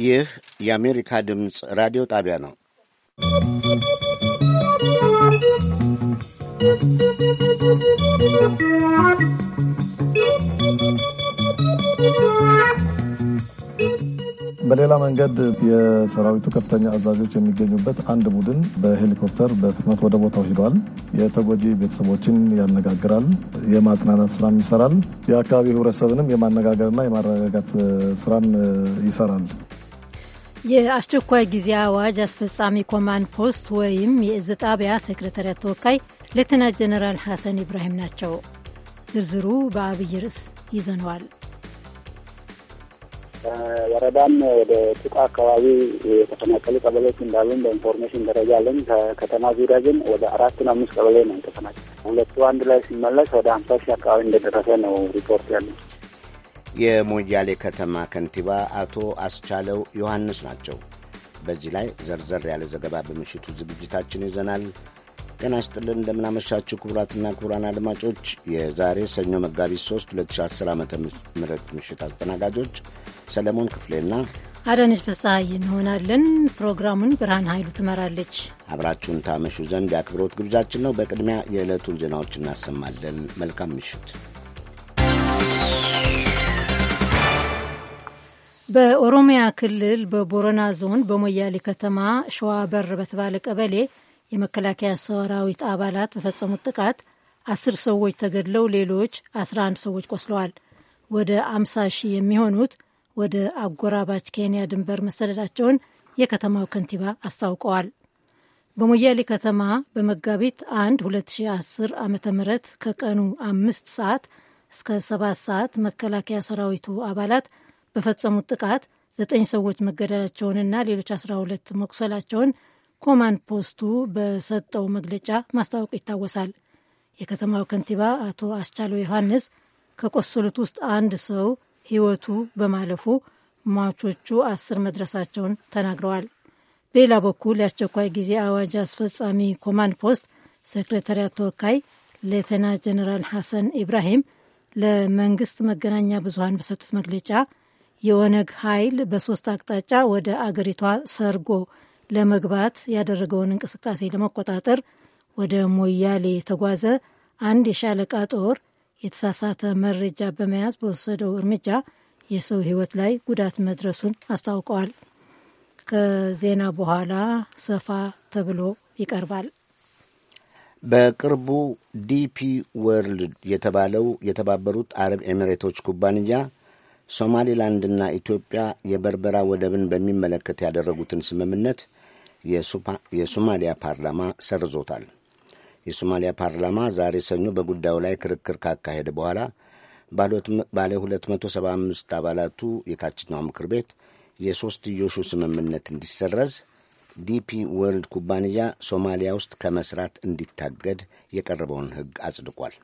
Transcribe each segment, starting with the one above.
ይህ የአሜሪካ ድምፅ ራዲዮ ጣቢያ ነው። በሌላ መንገድ የሰራዊቱ ከፍተኛ አዛዦች የሚገኙበት አንድ ቡድን በሄሊኮፕተር በፍጥነት ወደ ቦታው ሂዷል። የተጎጂ ቤተሰቦችን ያነጋግራል፣ የማጽናናት ስራም ይሰራል። የአካባቢው ህብረተሰብንም የማነጋገርና የማረጋጋት ስራም ይሰራል። የአስቸኳይ ጊዜ አዋጅ አስፈጻሚ ኮማንድ ፖስት ወይም የእዝ ጣቢያ ሴክሬታሪያት ተወካይ ሌተና ጀነራል ሐሰን ኢብራሂም ናቸው። ዝርዝሩ በአብይ ርዕስ ይዘነዋል። ወረዳም ወደ ቱቃ አካባቢ የተፈናቀሉ ቀበሌዎች እንዳሉን በኢንፎርሜሽን ደረጃ አለን። ከከተማ ዙሪያ ግን ወደ ነው አምስት ቀበሌ ነው የተፈናቀሉ። ሁለቱ አንድ ላይ ሲመለስ ወደ ሀምሳ ሺህ አካባቢ እንደደረሰ ነው ሪፖርት ያለን። የሞያሌ ከተማ ከንቲባ አቶ አስቻለው ዮሐንስ ናቸው። በዚህ ላይ ዘርዘር ያለ ዘገባ በምሽቱ ዝግጅታችን ይዘናል። ጤና ይስጥልን፣ እንደምናመሻችሁ ክቡራትና ክቡራን አድማጮች የዛሬ ሰኞ መጋቢት 3 2010 ዓ ም ምሽት አስተናጋጆች ሰለሞን ክፍሌና አዳነች ፍስሐዬ እንሆናለን። ፕሮግራሙን ብርሃን ኃይሉ ትመራለች። አብራችሁን ታመሹ ዘንድ የአክብሮት ግብዣችን ነው። በቅድሚያ የዕለቱን ዜናዎች እናሰማለን። መልካም ምሽት። በኦሮሚያ ክልል በቦረና ዞን በሞያሌ ከተማ ሸዋ በር በተባለ ቀበሌ የመከላከያ ሰራዊት አባላት በፈጸሙት ጥቃት አስር ሰዎች ተገድለው ሌሎች አንድ ሰዎች ቆስለዋል። ወደ አምሳ ሺህ የሚሆኑት ወደ አጎራባች ኬንያ ድንበር መሰደዳቸውን የከተማው ከንቲባ አስታውቀዋል። በሞያሌ ከተማ በመጋቢት 1 2010 ዓ ም ከቀኑ አምስት ሰዓት እስከ ሰባት ሰዓት መከላከያ ሰራዊቱ አባላት በፈጸሙት ጥቃት ዘጠኝ ሰዎች መገደላቸውንና ሌሎች 12 መቁሰላቸውን ኮማንድ ፖስቱ በሰጠው መግለጫ ማስታወቁ ይታወሳል። የከተማው ከንቲባ አቶ አስቻለው ዮሐንስ ከቆሰሉት ውስጥ አንድ ሰው ሕይወቱ በማለፉ ሟቾቹ አስር መድረሳቸውን ተናግረዋል። በሌላ በኩል የአስቸኳይ ጊዜ አዋጅ አስፈጻሚ ኮማንድ ፖስት ሴክሬታሪያት ተወካይ ሌተና ጀነራል ሐሰን ኢብራሂም ለመንግስት መገናኛ ብዙሃን በሰጡት መግለጫ የኦነግ ኃይል በሶስት አቅጣጫ ወደ አገሪቷ ሰርጎ ለመግባት ያደረገውን እንቅስቃሴ ለመቆጣጠር ወደ ሞያሌ የተጓዘ አንድ የሻለቃ ጦር የተሳሳተ መረጃ በመያዝ በወሰደው እርምጃ የሰው ሕይወት ላይ ጉዳት መድረሱን አስታውቀዋል። ከዜና በኋላ ሰፋ ተብሎ ይቀርባል። በቅርቡ ዲፒ ወርልድ የተባለው የተባበሩት አረብ ኤሚሬቶች ኩባንያ ሶማሊላንድና ኢትዮጵያ የበርበራ ወደብን በሚመለከት ያደረጉትን ስምምነት የሶማሊያ ፓርላማ ሰርዞታል። የሶማሊያ ፓርላማ ዛሬ ሰኞ በጉዳዩ ላይ ክርክር ካካሄደ በኋላ ባለ 275 አባላቱ የታችኛው ምክር ቤት የሦስትዮሹ ስምምነት እንዲሰረዝ ዲፒ ወርልድ ኩባንያ ሶማሊያ ውስጥ ከመስራት እንዲታገድ የቀረበውን ሕግ አጽድቋል።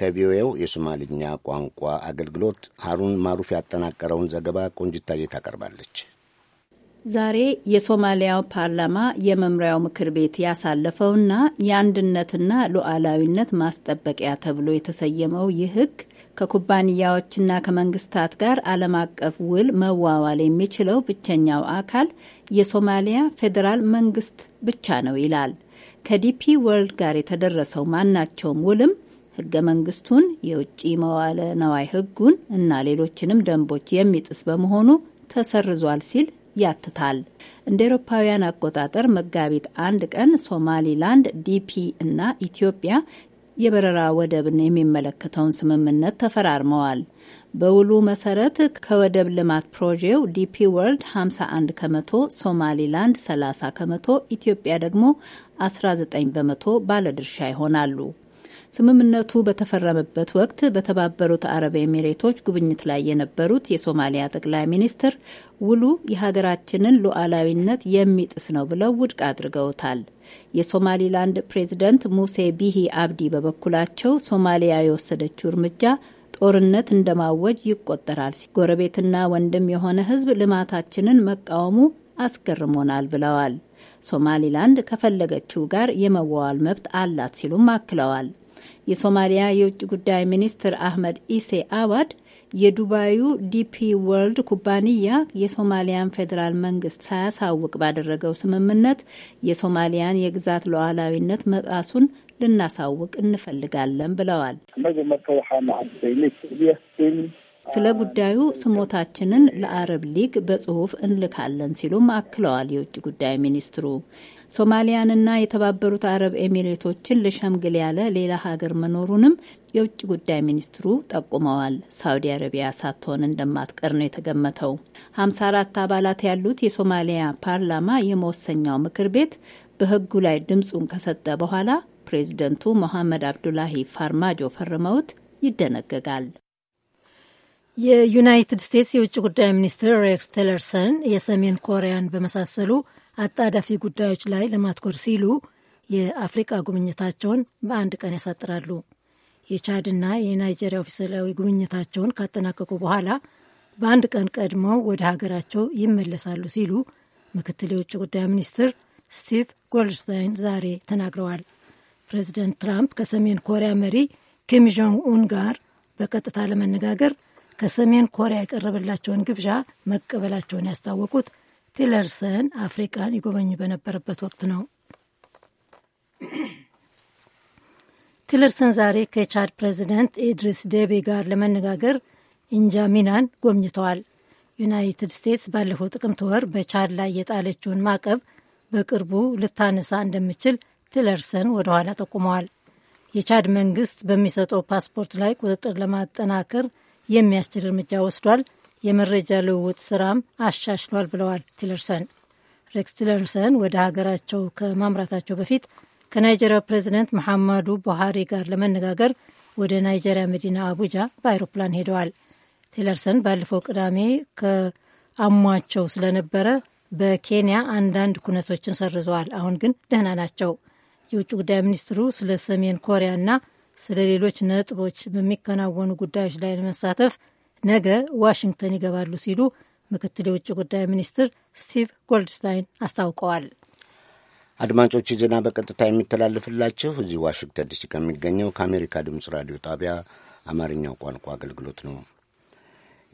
ከቪኦኤው የሶማልኛ ቋንቋ አገልግሎት ሀሩን ማሩፍ ያጠናቀረውን ዘገባ ቆንጅታዬ ታቀርባለች። ዛሬ የሶማሊያው ፓርላማ የመምሪያው ምክር ቤት ያሳለፈውና የአንድነትና ሉዓላዊነት ማስጠበቂያ ተብሎ የተሰየመው ይህ ህግ ከኩባንያዎችና ከመንግስታት ጋር ዓለም አቀፍ ውል መዋዋል የሚችለው ብቸኛው አካል የሶማሊያ ፌዴራል መንግስት ብቻ ነው ይላል። ከዲፒ ወርልድ ጋር የተደረሰው ማናቸውም ውልም ህገ መንግስቱን፣ የውጭ መዋለ ነዋይ ህጉን እና ሌሎችንም ደንቦች የሚጥስ በመሆኑ ተሰርዟል ሲል ያትታል። እንደ ኤሮፓውያን አቆጣጠር መጋቢት አንድ ቀን ሶማሊላንድ፣ ዲፒ እና ኢትዮጵያ የበረራ ወደብን የሚመለከተውን ስምምነት ተፈራርመዋል። በውሉ መሰረት ከወደብ ልማት ፕሮጄው ዲፒ ወርልድ 51 ከመቶ፣ ሶማሊላንድ 30 ከመቶ፣ ኢትዮጵያ ደግሞ 19 በመቶ ባለድርሻ ይሆናሉ። ስምምነቱ በተፈረመበት ወቅት በተባበሩት አረብ ኤሚሬቶች ጉብኝት ላይ የነበሩት የሶማሊያ ጠቅላይ ሚኒስትር ውሉ የሀገራችንን ሉዓላዊነት የሚጥስ ነው ብለው ውድቅ አድርገውታል። የሶማሊላንድ ፕሬዚደንት ሙሴ ቢሂ አብዲ በበኩላቸው ሶማሊያ የወሰደችው እርምጃ ጦርነት እንደማወጅ ይቆጠራል፣ ጎረቤትና ወንድም የሆነ ሕዝብ ልማታችንን መቃወሙ አስገርሞናል ብለዋል። ሶማሊላንድ ከፈለገችው ጋር የመዋዋል መብት አላት ሲሉም አክለዋል። የሶማሊያ የውጭ ጉዳይ ሚኒስትር አህመድ ኢሴ አዋድ የዱባዩ ዲፒ ወርልድ ኩባንያ የሶማሊያን ፌዴራል መንግስት ሳያሳውቅ ባደረገው ስምምነት የሶማሊያን የግዛት ሉዓላዊነት መጣሱን ልናሳውቅ እንፈልጋለን ብለዋል። ስለ ጉዳዩ ስሞታችንን ለአረብ ሊግ በጽሁፍ እንልካለን ሲሉም አክለዋል የውጭ ጉዳይ ሚኒስትሩ ሶማሊያንና የተባበሩት አረብ ኤሚሬቶችን ልሸምግል ያለ ሌላ ሀገር መኖሩንም የውጭ ጉዳይ ሚኒስትሩ ጠቁመዋል። ሳውዲ አረቢያ ሳትሆን እንደማትቀር ነው የተገመተው። 54 አባላት ያሉት የሶማሊያ ፓርላማ የመወሰኛው ምክር ቤት በህጉ ላይ ድምፁን ከሰጠ በኋላ ፕሬዝደንቱ ሞሐመድ አብዱላሂ ፋርማጆ ፈርመውት ይደነገጋል። የዩናይትድ ስቴትስ የውጭ ጉዳይ ሚኒስትር ሬክስ ቲለርሰን የሰሜን ኮሪያን በመሳሰሉ አጣዳፊ ጉዳዮች ላይ ለማትኮር ሲሉ የአፍሪቃ ጉብኝታቸውን በአንድ ቀን ያሳጥራሉ። የቻድና የናይጄሪያ ኦፊሴላዊ ጉብኝታቸውን ካጠናቀቁ በኋላ በአንድ ቀን ቀድመው ወደ ሀገራቸው ይመለሳሉ ሲሉ ምክትል የውጭ ጉዳይ ሚኒስትር ስቲቭ ጎልድስታይን ዛሬ ተናግረዋል። ፕሬዚደንት ትራምፕ ከሰሜን ኮሪያ መሪ ኪም ጆንግ ኡን ጋር በቀጥታ ለመነጋገር ከሰሜን ኮሪያ የቀረበላቸውን ግብዣ መቀበላቸውን ያስታወቁት ቲለርሰን አፍሪቃን ይጎበኙ በነበረበት ወቅት ነው። ቲለርሰን ዛሬ ከቻድ ፕሬዚደንት ኢድሪስ ዴቤ ጋር ለመነጋገር እንጃሚናን ጎብኝተዋል። ዩናይትድ ስቴትስ ባለፈው ጥቅምት ወር በቻድ ላይ የጣለችውን ማዕቀብ በቅርቡ ልታነሳ እንደምችል ቲለርሰን ወደ ኋላ ጠቁመዋል። የቻድ መንግስት በሚሰጠው ፓስፖርት ላይ ቁጥጥር ለማጠናከር የሚያስችል እርምጃ ወስዷል። የመረጃ ልውውጥ ስራም አሻሽሏል ብለዋል ቲለርሰን። ሬክስ ቲለርሰን ወደ ሀገራቸው ከማምራታቸው በፊት ከናይጀሪያ ፕሬዚደንት መሐማዱ ቡሃሪ ጋር ለመነጋገር ወደ ናይጀሪያ መዲና አቡጃ በአይሮፕላን ሄደዋል። ቲለርሰን ባለፈው ቅዳሜ ከአሟቸው ስለነበረ በኬንያ አንዳንድ ኩነቶችን ሰርዘዋል። አሁን ግን ደህና ናቸው። የውጭ ጉዳይ ሚኒስትሩ ስለ ሰሜን ኮሪያና ስለ ሌሎች ነጥቦች በሚከናወኑ ጉዳዮች ላይ ለመሳተፍ ነገ ዋሽንግተን ይገባሉ ሲሉ ምክትል የውጭ ጉዳይ ሚኒስትር ስቲቭ ጎልድስታይን አስታውቀዋል። አድማጮች ዜና በቀጥታ የሚተላለፍላችሁ እዚህ ዋሽንግተን ዲሲ ከሚገኘው ከአሜሪካ ድምፅ ራዲዮ ጣቢያ አማርኛው ቋንቋ አገልግሎት ነው።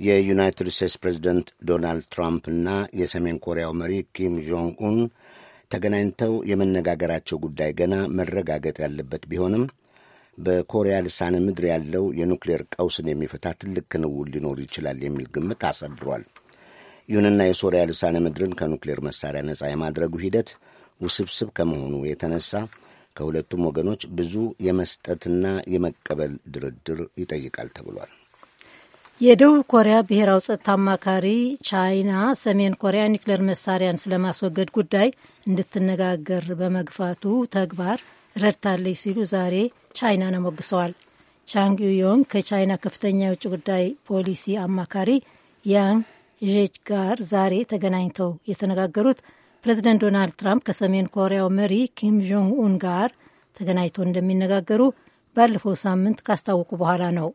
የዩናይትድ ስቴትስ ፕሬዚደንት ዶናልድ ትራምፕ እና የሰሜን ኮሪያው መሪ ኪም ጆንግ ኡን ተገናኝተው የመነጋገራቸው ጉዳይ ገና መረጋገጥ ያለበት ቢሆንም በኮሪያ ልሳነ ምድር ያለው የኑክሌር ቀውስን የሚፈታ ትልቅ ክንውል ሊኖር ይችላል የሚል ግምት አሳድሯል። ይሁንና የሶሪያ ልሳነ ምድርን ከኑክሌር መሳሪያ ነጻ የማድረጉ ሂደት ውስብስብ ከመሆኑ የተነሳ ከሁለቱም ወገኖች ብዙ የመስጠትና የመቀበል ድርድር ይጠይቃል ተብሏል። የደቡብ ኮሪያ ብሔራዊ ጸጥታ አማካሪ ቻይና ሰሜን ኮሪያ ኒውክሌር መሳሪያን ስለማስወገድ ጉዳይ እንድትነጋገር በመግፋቱ ተግባር ረድታለች ሲሉ ዛሬ ቻይናን አሞግሰዋል። ቻንግ ዩዮንግ ከቻይና ከፍተኛ የውጭ ጉዳይ ፖሊሲ አማካሪ ያንግ ዤች ጋር ዛሬ ተገናኝተው የተነጋገሩት ፕሬዚደንት ዶናልድ ትራምፕ ከሰሜን ኮሪያው መሪ ኪም ጆንግ ኡን ጋር ተገናኝተው እንደሚነጋገሩ ባለፈው ሳምንት ካስታወቁ በኋላ ነው።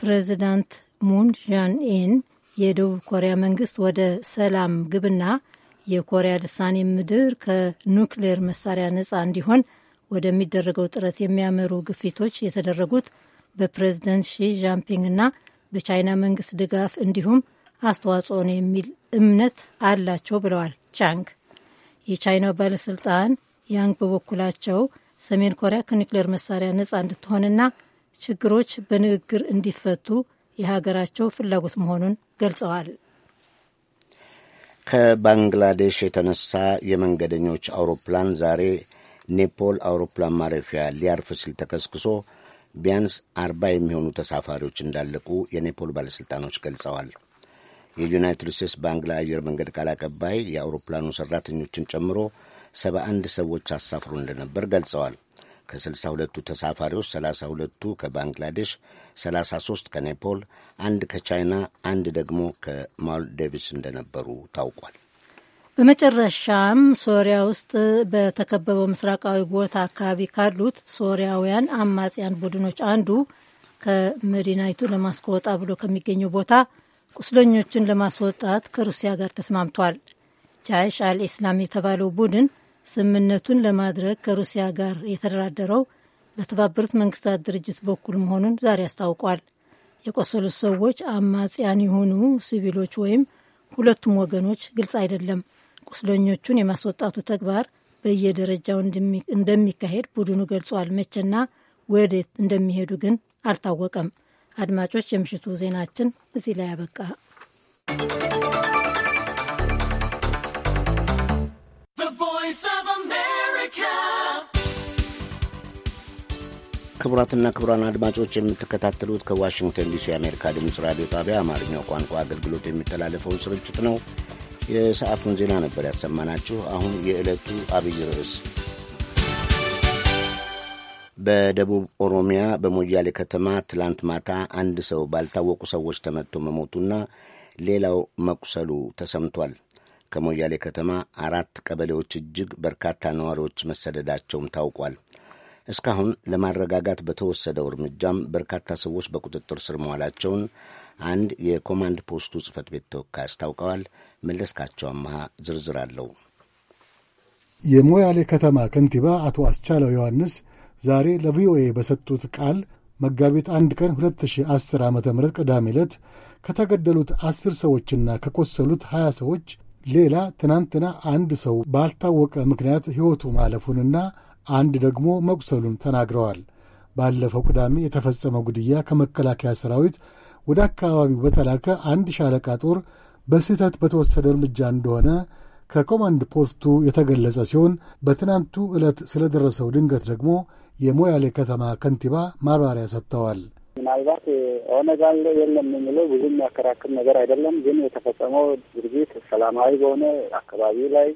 ፕሬዚዳንት ሙን ዣንኢን የደቡብ ኮሪያ መንግስት ወደ ሰላም ግብና የኮሪያ ልሳኔ ምድር ከኑክሌር መሳሪያ ነፃ እንዲሆን ወደሚደረገው ጥረት የሚያመሩ ግፊቶች የተደረጉት በፕሬዝደንት ሺ ዣምፒንግና በቻይና መንግስት ድጋፍ እንዲሁም አስተዋጽኦ ነው የሚል እምነት አላቸው ብለዋል ቻንግ። የቻይናው ባለስልጣን ያንግ በበኩላቸው ሰሜን ኮሪያ ከኒውክሌር መሳሪያ ነጻ እንድትሆንና ችግሮች በንግግር እንዲፈቱ የሀገራቸው ፍላጎት መሆኑን ገልጸዋል። ከባንግላዴሽ የተነሳ የመንገደኞች አውሮፕላን ዛሬ ኔፖል አውሮፕላን ማረፊያ ሊያርፍ ሲል ተከስክሶ ቢያንስ አርባ የሚሆኑ ተሳፋሪዎች እንዳለቁ የኔፖል ባለሥልጣኖች ገልጸዋል። የዩናይትድ ስቴትስ ባንግላ አየር መንገድ ቃል አቀባይ የአውሮፕላኑ ሠራተኞችን ጨምሮ ሰባ አንድ ሰዎች አሳፍሮ እንደነበር ገልጸዋል። ከስልሳ ሁለቱ ተሳፋሪዎች ሰላሳ ሁለቱ ከባንግላዴሽ፣ ሰላሳ ሦስት ከኔፖል፣ አንድ ከቻይና፣ አንድ ደግሞ ከማልዴቪስ እንደነበሩ ታውቋል። በመጨረሻም ሶሪያ ውስጥ በተከበበው ምስራቃዊ ጎታ አካባቢ ካሉት ሶሪያውያን አማጽያን ቡድኖች አንዱ ከመዲናይቱ ለማስክ ወጣ ብሎ ከሚገኘው ቦታ ቁስለኞችን ለማስወጣት ከሩሲያ ጋር ተስማምቷል። ጃይሽ አልኢስላም የተባለው ቡድን ስምምነቱን ለማድረግ ከሩሲያ ጋር የተደራደረው በተባበሩት መንግስታት ድርጅት በኩል መሆኑን ዛሬ አስታውቋል። የቆሰሉት ሰዎች አማጽያን የሆኑ ሲቪሎች ወይም ሁለቱም ወገኖች ግልጽ አይደለም። ቁስለኞቹን የማስወጣቱ ተግባር በየደረጃው እንደሚካሄድ ቡድኑ ገልጿል። መቼና ወዴት እንደሚሄዱ ግን አልታወቀም። አድማጮች፣ የምሽቱ ዜናችን እዚህ ላይ አበቃ ክቡራትና ክቡራን አድማጮች የምትከታተሉት ከዋሽንግተን ዲሲ የአሜሪካ ድምፅ ራዲዮ ጣቢያ አማርኛው ቋንቋ አገልግሎት የሚተላለፈውን ስርጭት ነው። የሰዓቱን ዜና ነበር ያሰማናችሁ። አሁን የዕለቱ አብይ ርዕስ በደቡብ ኦሮሚያ በሞያሌ ከተማ ትላንት ማታ አንድ ሰው ባልታወቁ ሰዎች ተመትቶ መሞቱና ሌላው መቁሰሉ ተሰምቷል። ከሞያሌ ከተማ አራት ቀበሌዎች እጅግ በርካታ ነዋሪዎች መሰደዳቸውም ታውቋል። እስካሁን ለማረጋጋት በተወሰደው እርምጃም በርካታ ሰዎች በቁጥጥር ስር መዋላቸውን አንድ የኮማንድ ፖስቱ ጽህፈት ቤት ተወካይ አስታውቀዋል። መለስካቸው አመሃ ዝርዝር አለው። የሞያሌ ከተማ ከንቲባ አቶ አስቻለው ዮሐንስ ዛሬ ለቪኦኤ በሰጡት ቃል መጋቢት አንድ ቀን 2010 ዓ ም ቅዳሜ ዕለት ከተገደሉት አስር ሰዎችና ከቆሰሉት 20 ሰዎች ሌላ ትናንትና አንድ ሰው ባልታወቀ ምክንያት ሕይወቱ ማለፉንና አንድ ደግሞ መቁሰሉን ተናግረዋል። ባለፈው ቅዳሜ የተፈጸመው ግድያ ከመከላከያ ሰራዊት ወደ አካባቢው በተላከ አንድ ሻለቃ ጦር በስህተት በተወሰደ እርምጃ እንደሆነ ከኮማንድ ፖስቱ የተገለጸ ሲሆን በትናንቱ ዕለት ስለደረሰው ድንገት ደግሞ የሞያሌ ከተማ ከንቲባ ማብራሪያ ሰጥተዋል። ምናልባት ኦነግ አለ የለም የሚለው ብዙ የሚያከራክር ነገር አይደለም። ግን የተፈጸመው ድርጊት ሰላማዊ በሆነ አካባቢ ላይ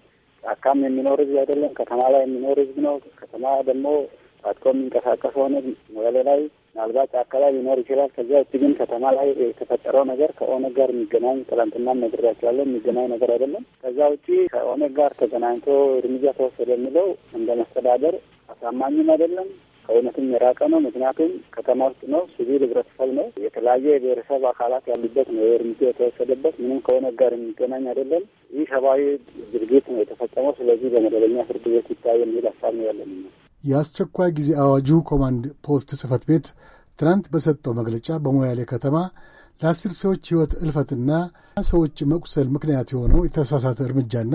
አካም የሚኖር ህዝብ አይደለም፣ ከተማ ላይ የሚኖር ህዝብ ነው። ከተማ ደግሞ ታጥቆ የሚንቀሳቀስ ሆነ ሞያሌ ላይ ምናልባት አካባቢ ሊኖር ይችላል። ከዚያ ውጭ ግን ከተማ ላይ የተፈጠረው ነገር ከኦነግ ጋር የሚገናኝ ትላንትና ነግሬያቸዋለሁ፣ የሚገናኝ ነገር አይደለም። ከዛ ውጭ ከኦነግ ጋር ተገናኝቶ እርምጃ ተወሰደ የሚለው እንደ መስተዳደር አሳማኝም አይደለም። ከእውነትም የራቀ ነው። ምክንያቱም ከተማ ውስጥ ነው፣ ሲቪል ህብረተሰብ ነው፣ የተለያየ የብሔረሰብ አካላት ያሉበት ነው እርምጃ የተወሰደበት። ምንም ከሆነ ጋር የሚገናኝ አይደለም። ይህ ሰብአዊ ድርጊት ነው የተፈጸመው። ስለዚህ በመደበኛ ፍርድ ቤት ይታይ የሚል ሀሳብ ነው ያለን ነው የአስቸኳይ ጊዜ አዋጁ ኮማንድ ፖስት ጽፈት ቤት ትናንት በሰጠው መግለጫ በሞያሌ ከተማ ለአስር ሰዎች ሕይወት እልፈትና ሰዎች መቁሰል ምክንያት የሆነው የተሳሳተ እርምጃና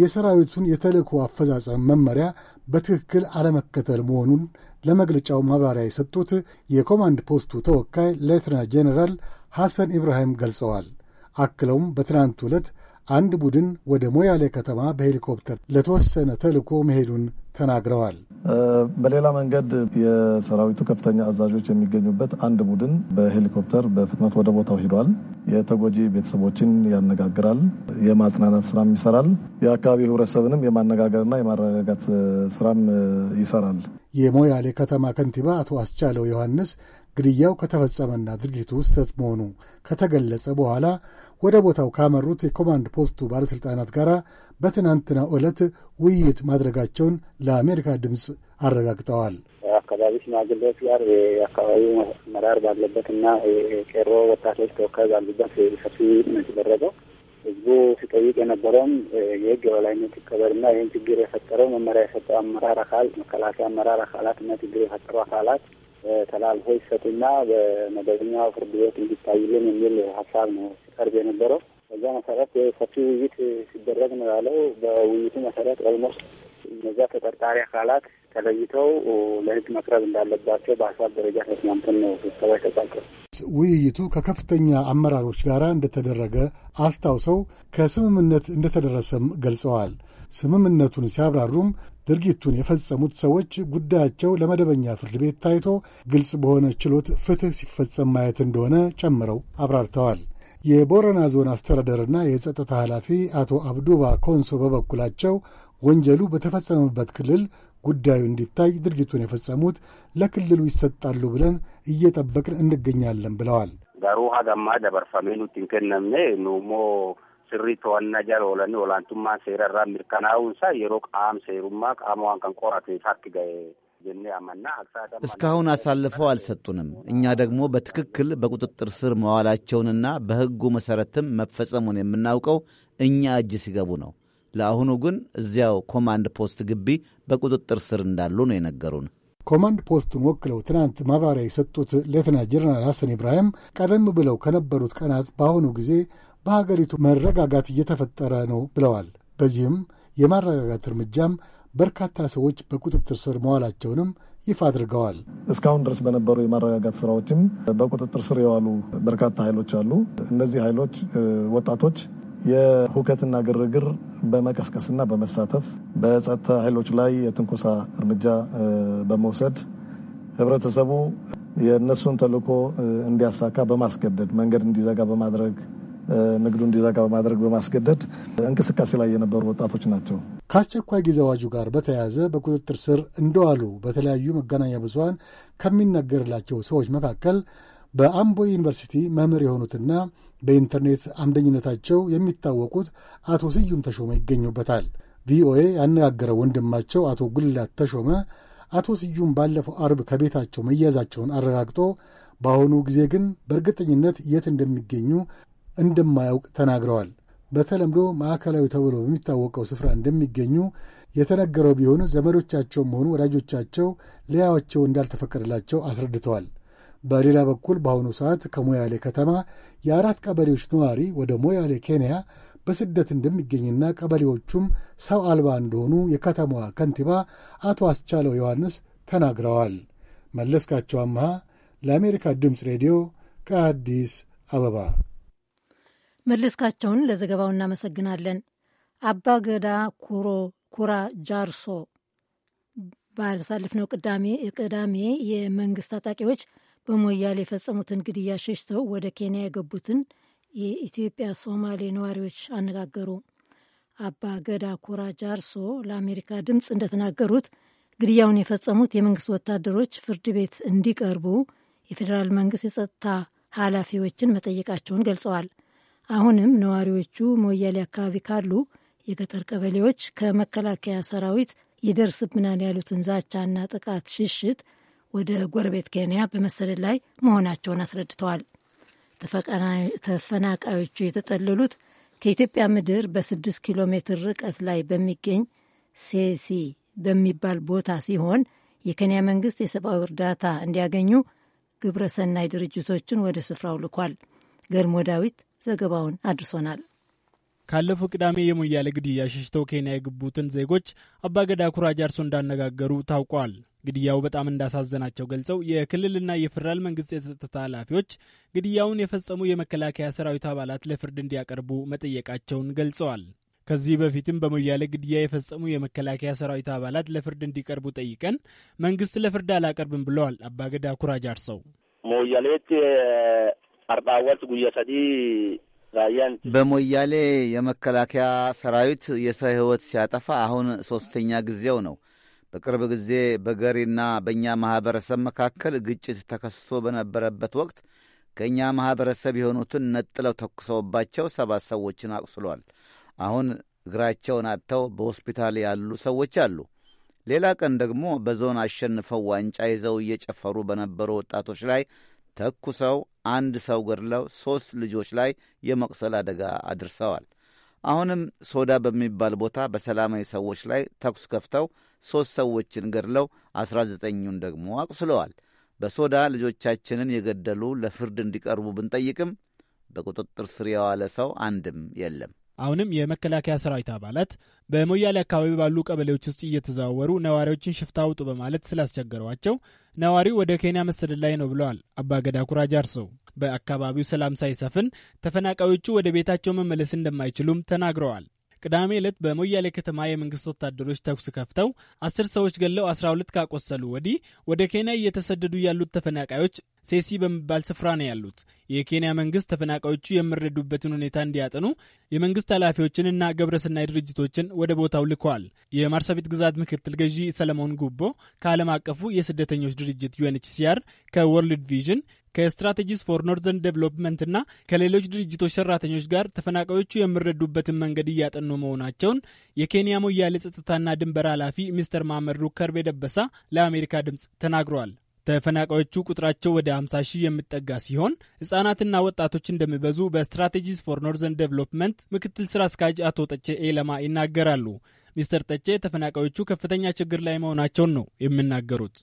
የሰራዊቱን የተልእኮ አፈጻጸም መመሪያ በትክክል አለመከተል መሆኑን ለመግለጫው ማብራሪያ የሰጡት የኮማንድ ፖስቱ ተወካይ ሌትና ጄኔራል ሐሰን ኢብራሂም ገልጸዋል። አክለውም በትናንት ዕለት አንድ ቡድን ወደ ሞያሌ ከተማ በሄሊኮፕተር ለተወሰነ ተልዕኮ መሄዱን ተናግረዋል። በሌላ መንገድ የሰራዊቱ ከፍተኛ አዛዦች የሚገኙበት አንድ ቡድን በሄሊኮፕተር በፍጥነት ወደ ቦታው ሂዷል። የተጎጂ ቤተሰቦችን ያነጋግራል፣ የማጽናናት ስራም ይሰራል። የአካባቢ ህብረተሰብንም የማነጋገርና የማረጋጋት ስራም ይሰራል። የሞያሌ ከተማ ከንቲባ አቶ አስቻለው ዮሐንስ ግድያው ከተፈጸመና ድርጊቱ ስህተት መሆኑ ከተገለጸ በኋላ ወደ ቦታው ካመሩት የኮማንድ ፖስቱ ባለሥልጣናት ጋር በትናንትናው ዕለት ውይይት ማድረጋቸውን ለአሜሪካ ድምፅ አረጋግጠዋል። አካባቢ ሽማግሌዎች ጋር መራር ባለበት ባለበትና የቄሮ ወጣቶች ተወካይ ባሉበት ሰፊ ነው የተደረገው። ህዝቡ ሲጠይቅ የነበረውም የህግ የበላይነት ይከበርና ይህን ችግር የፈጠረው መመሪያ የሰጠው አመራር አካል መከላከያ አመራር አካላት እና ችግር የፈጠሩ አካላት ተላልፎ ይሰጡና በመደበኛው ፍርድ ቤት እንዲታይልን የሚል ሀሳብ ነው ሲቀርብ የነበረው። በዛ መሰረት ሰፊ ውይይት ሲደረግ ነው ያለው። በውይይቱ መሰረት ኦልሞስት እነዚያ ተጠርጣሪ አካላት ተለይተው ለህግ መቅረብ እንዳለባቸው በሀሳብ ደረጃ ተስማምተን ነው ስብሰባ የተጻቀው። ውይይቱ ከከፍተኛ አመራሮች ጋር እንደተደረገ አስታውሰው ከስምምነት እንደተደረሰም ገልጸዋል። ስምምነቱን ሲያብራሩም ድርጊቱን የፈጸሙት ሰዎች ጉዳያቸው ለመደበኛ ፍርድ ቤት ታይቶ ግልጽ በሆነ ችሎት ፍትሕ ሲፈጸም ማየት እንደሆነ ጨምረው አብራርተዋል። የቦረና ዞን አስተዳደርና የጸጥታ ኃላፊ አቶ አብዱባ ኮንሶ በበኩላቸው ወንጀሉ በተፈጸመበት ክልል ጉዳዩ እንዲታይ ድርጊቱን የፈጸሙት ለክልሉ ይሰጣሉ ብለን እየጠበቅን እንገኛለን ብለዋል። ገሩ ሀገማ ደበርፈሜ ኑቲን ኑሞ sirri to'annaa jala oolanni olaantummaan irraa mirkanaa'uunsa yeroo qaam seerummaa qaama waan kan qorateef harki ga'e jenne አመና እስካሁን አሳልፈው አልሰጡንም። እኛ ደግሞ በትክክል በቁጥጥር ስር መዋላቸውንና በሕጉ መሠረትም መፈጸሙን የምናውቀው እኛ እጅ ሲገቡ ነው። ለአሁኑ ግን እዚያው ኮማንድ ፖስት ግቢ በቁጥጥር ስር እንዳሉ ነው የነገሩን። ኮማንድ ፖስቱን ወክለው ትናንት ማብራሪያ የሰጡት ሌተና ጀነራል ሐሰን ኢብራሂም ቀደም ብለው ከነበሩት ቀናት በአሁኑ ጊዜ በሀገሪቱ መረጋጋት እየተፈጠረ ነው ብለዋል። በዚህም የማረጋጋት እርምጃም በርካታ ሰዎች በቁጥጥር ስር መዋላቸውንም ይፋ አድርገዋል። እስካሁን ድረስ በነበሩ የማረጋጋት ስራዎችም በቁጥጥር ስር የዋሉ በርካታ ኃይሎች አሉ። እነዚህ ኃይሎች ወጣቶች የሁከትና ግርግር በመቀስቀስና በመሳተፍ በጸጥታ ኃይሎች ላይ የትንኮሳ እርምጃ በመውሰድ ህብረተሰቡ የእነሱን ተልዕኮ እንዲያሳካ በማስገደድ መንገድ እንዲዘጋ በማድረግ ንግዱ እንዲዘጋ በማድረግ በማስገደድ እንቅስቃሴ ላይ የነበሩ ወጣቶች ናቸው። ከአስቸኳይ ጊዜ አዋጁ ጋር በተያያዘ በቁጥጥር ስር እንደዋሉ በተለያዩ መገናኛ ብዙኃን ከሚነገርላቸው ሰዎች መካከል በአምቦ ዩኒቨርሲቲ መምህር የሆኑትና በኢንተርኔት አምደኝነታቸው የሚታወቁት አቶ ስዩም ተሾመ ይገኙበታል። ቪኦኤ ያነጋገረው ወንድማቸው አቶ ጉልላት ተሾመ አቶ ስዩም ባለፈው አርብ ከቤታቸው መያዛቸውን አረጋግጦ በአሁኑ ጊዜ ግን በእርግጠኝነት የት እንደሚገኙ እንደማያውቅ ተናግረዋል። በተለምዶ ማዕከላዊ ተብሎ በሚታወቀው ስፍራ እንደሚገኙ የተነገረው ቢሆን ዘመዶቻቸውም ሆኑ ወዳጆቻቸው ሊያያቸው እንዳልተፈቀደላቸው አስረድተዋል። በሌላ በኩል በአሁኑ ሰዓት ከሞያሌ ከተማ የአራት ቀበሌዎች ነዋሪ ወደ ሞያሌ ኬንያ በስደት እንደሚገኝና ቀበሌዎቹም ሰው አልባ እንደሆኑ የከተማዋ ከንቲባ አቶ አስቻለው ዮሐንስ ተናግረዋል። መለስካቸው አምሃ ለአሜሪካ ድምፅ ሬዲዮ ከአዲስ አበባ መለስካቸውን ለዘገባው እናመሰግናለን። አባ ገዳ ኩሮ ኩራ ጃርሶ ባሳለፍነው ቅዳሜ ቅዳሜ የመንግስት ታጣቂዎች በሞያሌ የፈጸሙትን ግድያ ሸሽተው ወደ ኬንያ የገቡትን የኢትዮጵያ ሶማሌ ነዋሪዎች አነጋገሩ። አባ ገዳ ኩራ ጃርሶ ለአሜሪካ ድምፅ እንደተናገሩት ግድያውን የፈጸሙት የመንግስት ወታደሮች ፍርድ ቤት እንዲቀርቡ የፌዴራል መንግስት የጸጥታ ኃላፊዎችን መጠየቃቸውን ገልጸዋል። አሁንም ነዋሪዎቹ ሞያሌ አካባቢ ካሉ የገጠር ቀበሌዎች ከመከላከያ ሰራዊት ይደርስብናል ያሉትን ዛቻና ጥቃት ሽሽት ወደ ጎረቤት ኬንያ በመሰደድ ላይ መሆናቸውን አስረድተዋል። ተፈናቃዮቹ የተጠለሉት ከኢትዮጵያ ምድር በስድስት ኪሎ ሜትር ርቀት ላይ በሚገኝ ሴሲ በሚባል ቦታ ሲሆን የኬንያ መንግስት የሰብአዊ እርዳታ እንዲያገኙ ግብረሰናይ ድርጅቶችን ወደ ስፍራው ልኳል። ገልሞ ዳዊት ዘገባውን አድርሶናል። ካለፈው ቅዳሜ የሞያሌ ግድያ ሸሽተው ኬንያ የገቡትን ዜጎች አባገዳ ኩራጅ አርሶ እንዳነጋገሩ ታውቋል። ግድያው በጣም እንዳሳዘናቸው ገልጸው የክልልና የፌዴራል መንግስት የጸጥታ ኃላፊዎች ግድያውን የፈጸሙ የመከላከያ ሰራዊት አባላት ለፍርድ እንዲያቀርቡ መጠየቃቸውን ገልጸዋል። ከዚህ በፊትም በሞያሌ ግድያ የፈጸሙ የመከላከያ ሰራዊት አባላት ለፍርድ እንዲቀርቡ ጠይቀን መንግስት ለፍርድ አላቀርብም ብለዋል አባገዳ ኩራጅ አርሰው ሞያሌት አርባወርት ጉያ ሰዲ ራያን በሞያሌ የመከላከያ ሰራዊት የሰው ህይወት ሲያጠፋ አሁን ሦስተኛ ጊዜው ነው። በቅርብ ጊዜ በገሪና በእኛ ማህበረሰብ መካከል ግጭት ተከስቶ በነበረበት ወቅት ከእኛ ማህበረሰብ የሆኑትን ነጥለው ተኩሰውባቸው ሰባት ሰዎችን አቁስሏል። አሁን እግራቸውን አጥተው በሆስፒታል ያሉ ሰዎች አሉ። ሌላ ቀን ደግሞ በዞን አሸንፈው ዋንጫ ይዘው እየጨፈሩ በነበሩ ወጣቶች ላይ ተኩሰው አንድ ሰው ገድለው ሦስት ልጆች ላይ የመቁሰል አደጋ አድርሰዋል። አሁንም ሶዳ በሚባል ቦታ በሰላማዊ ሰዎች ላይ ተኩስ ከፍተው ሦስት ሰዎችን ገድለው አስራ ዘጠኙን ደግሞ አቁስለዋል። በሶዳ ልጆቻችንን የገደሉ ለፍርድ እንዲቀርቡ ብንጠይቅም በቁጥጥር ስር የዋለ ሰው አንድም የለም። አሁንም የመከላከያ ሰራዊት አባላት በሞያሌ አካባቢ ባሉ ቀበሌዎች ውስጥ እየተዘዋወሩ ነዋሪዎችን ሽፍታ አውጡ በማለት ስላስቸገሯቸው ነዋሪው ወደ ኬንያ መሰደድ ላይ ነው ብለዋል አባገዳ ኩራጅ አርሰው። በአካባቢው ሰላም ሳይሰፍን ተፈናቃዮቹ ወደ ቤታቸው መመለስ እንደማይችሉም ተናግረዋል። ቅዳሜ ዕለት በሞያሌ ከተማ የመንግስት ወታደሮች ተኩስ ከፍተው አስር ሰዎች ገለው አስራ ሁለት ካቆሰሉ ወዲህ ወደ ኬንያ እየተሰደዱ ያሉት ተፈናቃዮች ሴሲ በሚባል ስፍራ ነው ያሉት። የኬንያ መንግስት ተፈናቃዮቹ የሚረዱበትን ሁኔታ እንዲያጠኑ የመንግስት ኃላፊዎችን እና ግብረሰናይ ድርጅቶችን ወደ ቦታው ልከዋል። የማርሰቤት ግዛት ምክትል ገዢ ሰለሞን ጉቦ ከዓለም አቀፉ የስደተኞች ድርጅት ዩኤንኤችሲአር ከወርልድ ቪዥን ከስትራቴጂስ ፎር ኖርዘርን ዴቨሎፕመንትና ከሌሎች ድርጅቶች ሰራተኞች ጋር ተፈናቃዮቹ የሚረዱበትን መንገድ እያጠኑ መሆናቸውን የኬንያ ሞያሌ ጸጥታና ድንበር ኃላፊ ሚስተር ማመድ ሩከርቤ ደበሳ ለአሜሪካ ድምፅ ተናግረዋል። ተፈናቃዮቹ ቁጥራቸው ወደ 50 ሺህ የሚጠጋ ሲሆን ህጻናትና ወጣቶች እንደሚበዙ በስትራቴጂስ ፎር ኖርዘርን ዴቨሎፕመንት ምክትል ስራ አስኪያጅ አቶ ጠቼ ኤለማ ይናገራሉ። ሚስተር ጠጬ ተፈናቃዮቹ ከፍተኛ ችግር ላይ መሆናቸውን ነው የሚናገሩት።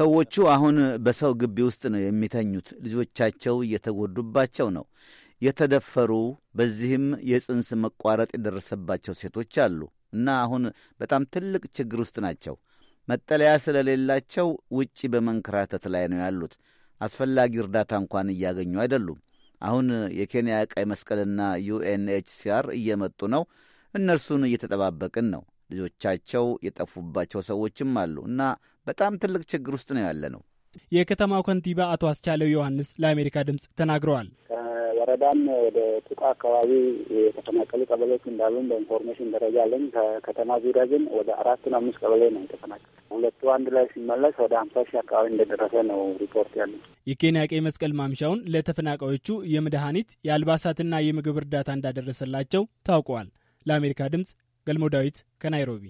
ሰዎቹ አሁን በሰው ግቢ ውስጥ ነው የሚተኙት። ልጆቻቸው እየተጎዱባቸው ነው። የተደፈሩ በዚህም የጽንስ መቋረጥ የደረሰባቸው ሴቶች አሉ እና አሁን በጣም ትልቅ ችግር ውስጥ ናቸው። መጠለያ ስለሌላቸው ውጪ በመንከራተት ላይ ነው ያሉት። አስፈላጊ እርዳታ እንኳን እያገኙ አይደሉም። አሁን የኬንያ ቀይ መስቀልና ዩኤንኤችሲአር እየመጡ ነው። እነርሱን እየተጠባበቅን ነው። ልጆቻቸው የጠፉባቸው ሰዎችም አሉ እና በጣም ትልቅ ችግር ውስጥ ነው ያለ ነው። የከተማው ከንቲባ አቶ አስቻለው ዮሐንስ ለአሜሪካ ድምፅ ተናግረዋል። ወረዳም ወደ ቱቃ አካባቢ የተፈናቀሉ ቀበሌዎች እንዳሉን በኢንፎርሜሽን ደረጃ አለኝ። ከከተማ ዙሪያ ግን ወደ አራትና አምስት ቀበሌ ነው የተፈናቀሉ። ሁለቱ አንድ ላይ ሲመለስ ወደ ሀምሳ ሺህ አካባቢ እንደደረሰ ነው ሪፖርት ያለ። የኬንያ ቀይ መስቀል ማምሻውን ለተፈናቃዮቹ የመድኃኒት የአልባሳትና የምግብ እርዳታ እንዳደረሰላቸው ታውቀዋል። ለአሜሪካ ድምጽ ገልሞ ዳዊት ከናይሮቢ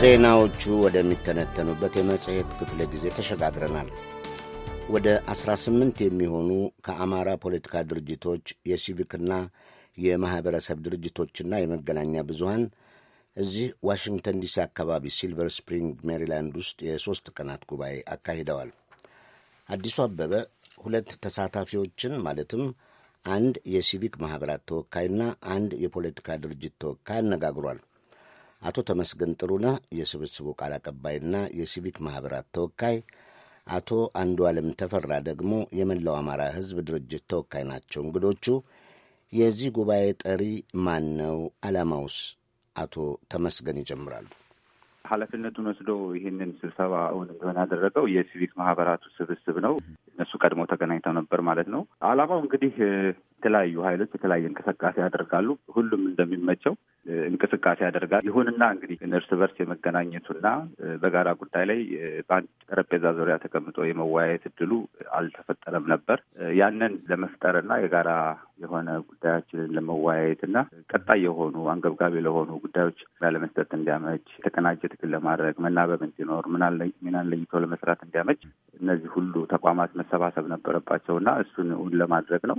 ዜናዎቹ ወደሚተነተኑበት የመጽሔት ክፍለ ጊዜ ተሸጋግረናል። ወደ 18 የሚሆኑ ከአማራ ፖለቲካ ድርጅቶች የሲቪክና የማኅበረሰብ ድርጅቶችና የመገናኛ ብዙሃን እዚህ ዋሽንግተን ዲሲ አካባቢ ሲልቨር ስፕሪንግ ሜሪላንድ ውስጥ የሦስት ቀናት ጉባኤ አካሂደዋል። አዲሱ አበበ ሁለት ተሳታፊዎችን ማለትም አንድ የሲቪክ ማኅበራት ተወካይና አንድ የፖለቲካ ድርጅት ተወካይ አነጋግሯል። አቶ ተመስገን ጥሩነህ የስብስቡ ቃል አቀባይና የሲቪክ ማኅበራት ተወካይ፣ አቶ አንዱ ዓለም ተፈራ ደግሞ የመላው አማራ ሕዝብ ድርጅት ተወካይ ናቸው። እንግዶቹ የዚህ ጉባኤ ጠሪ ማን ነው? ዓላማውስ? አቶ ተመስገን ይጀምራሉ። ኃላፊነቱን ወስዶ ይህንን ስብሰባ እውን እንዲሆን ያደረገው የሲቪክ ማህበራቱ ስብስብ ነው። እነሱ ቀድሞ ተገናኝተው ነበር ማለት ነው። አላማው እንግዲህ የተለያዩ ኃይሎች የተለያየ እንቅስቃሴ ያደርጋሉ። ሁሉም እንደሚመቸው እንቅስቃሴ ያደርጋል። ይሁንና እንግዲህ እርስ በርስ የመገናኘቱና በጋራ ጉዳይ ላይ በአንድ ጠረጴዛ ዙሪያ ተቀምጦ የመወያየት እድሉ አልተፈጠረም ነበር። ያንን ለመፍጠርና የጋራ የሆነ ጉዳያችንን ለመወያየትና ቀጣይ የሆኑ አንገብጋቢ ለሆኑ ጉዳዮች ለመስጠት እንዲያመች የተቀናጀ ትግል ለማድረግ መናበብ እንዲኖር ምናን ለይቶ ለመስራት እንዲያመች እነዚህ ሁሉ ተቋማት መሰባሰብ ነበረባቸውና እሱን እውን ለማድረግ ነው።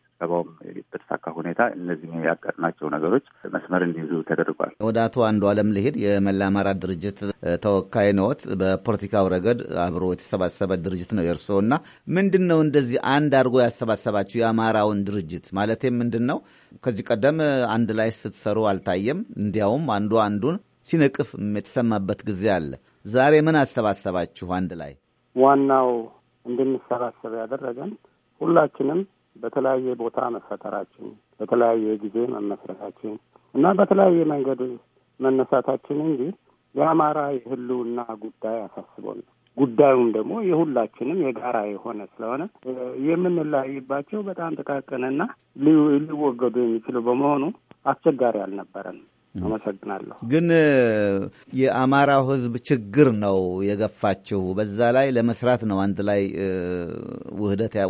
ስብሰባውም በተሳካ ሁኔታ እነዚህ ያቀድናቸው ነገሮች መስመር እንዲይዙ ተደርጓል። ወደ አቶ አንዱ አለም ልሄድ የመላ አማራ ድርጅት ተወካይ ነዎት። በፖለቲካው ረገድ ረገድ አብሮ የተሰባሰበ ድርጅት ነው የእርስዎ እና ምንድን ነው እንደዚህ አንድ አድርጎ ያሰባሰባችሁ የአማራውን ድርጅት ማለት ምንድን ነው ከዚህ ቀደም አንድ ላይ ስትሰሩ አልታየም እንዲያውም አንዱ አንዱን ሲነቅፍ የተሰማበት ጊዜ አለ ዛሬ ምን አሰባሰባችሁ አንድ ላይ ዋናው እንድንሰባሰብ ያደረገን ሁላችንም በተለያየ ቦታ መፈጠራችን በተለያየ ጊዜ መመስረታችን እና በተለያየ መንገድ መነሳታችን እንጂ የአማራ የህልውና ጉዳይ አሳስቦን ነው። ጉዳዩም ደግሞ የሁላችንም የጋራ የሆነ ስለሆነ የምንለያይባቸው በጣም ጥቃቅንና ሊወገዱ የሚችሉ በመሆኑ አስቸጋሪ አልነበረን። አመሰግናለሁ። ግን የአማራው ሕዝብ ችግር ነው የገፋችሁ። በዛ ላይ ለመስራት ነው አንድ ላይ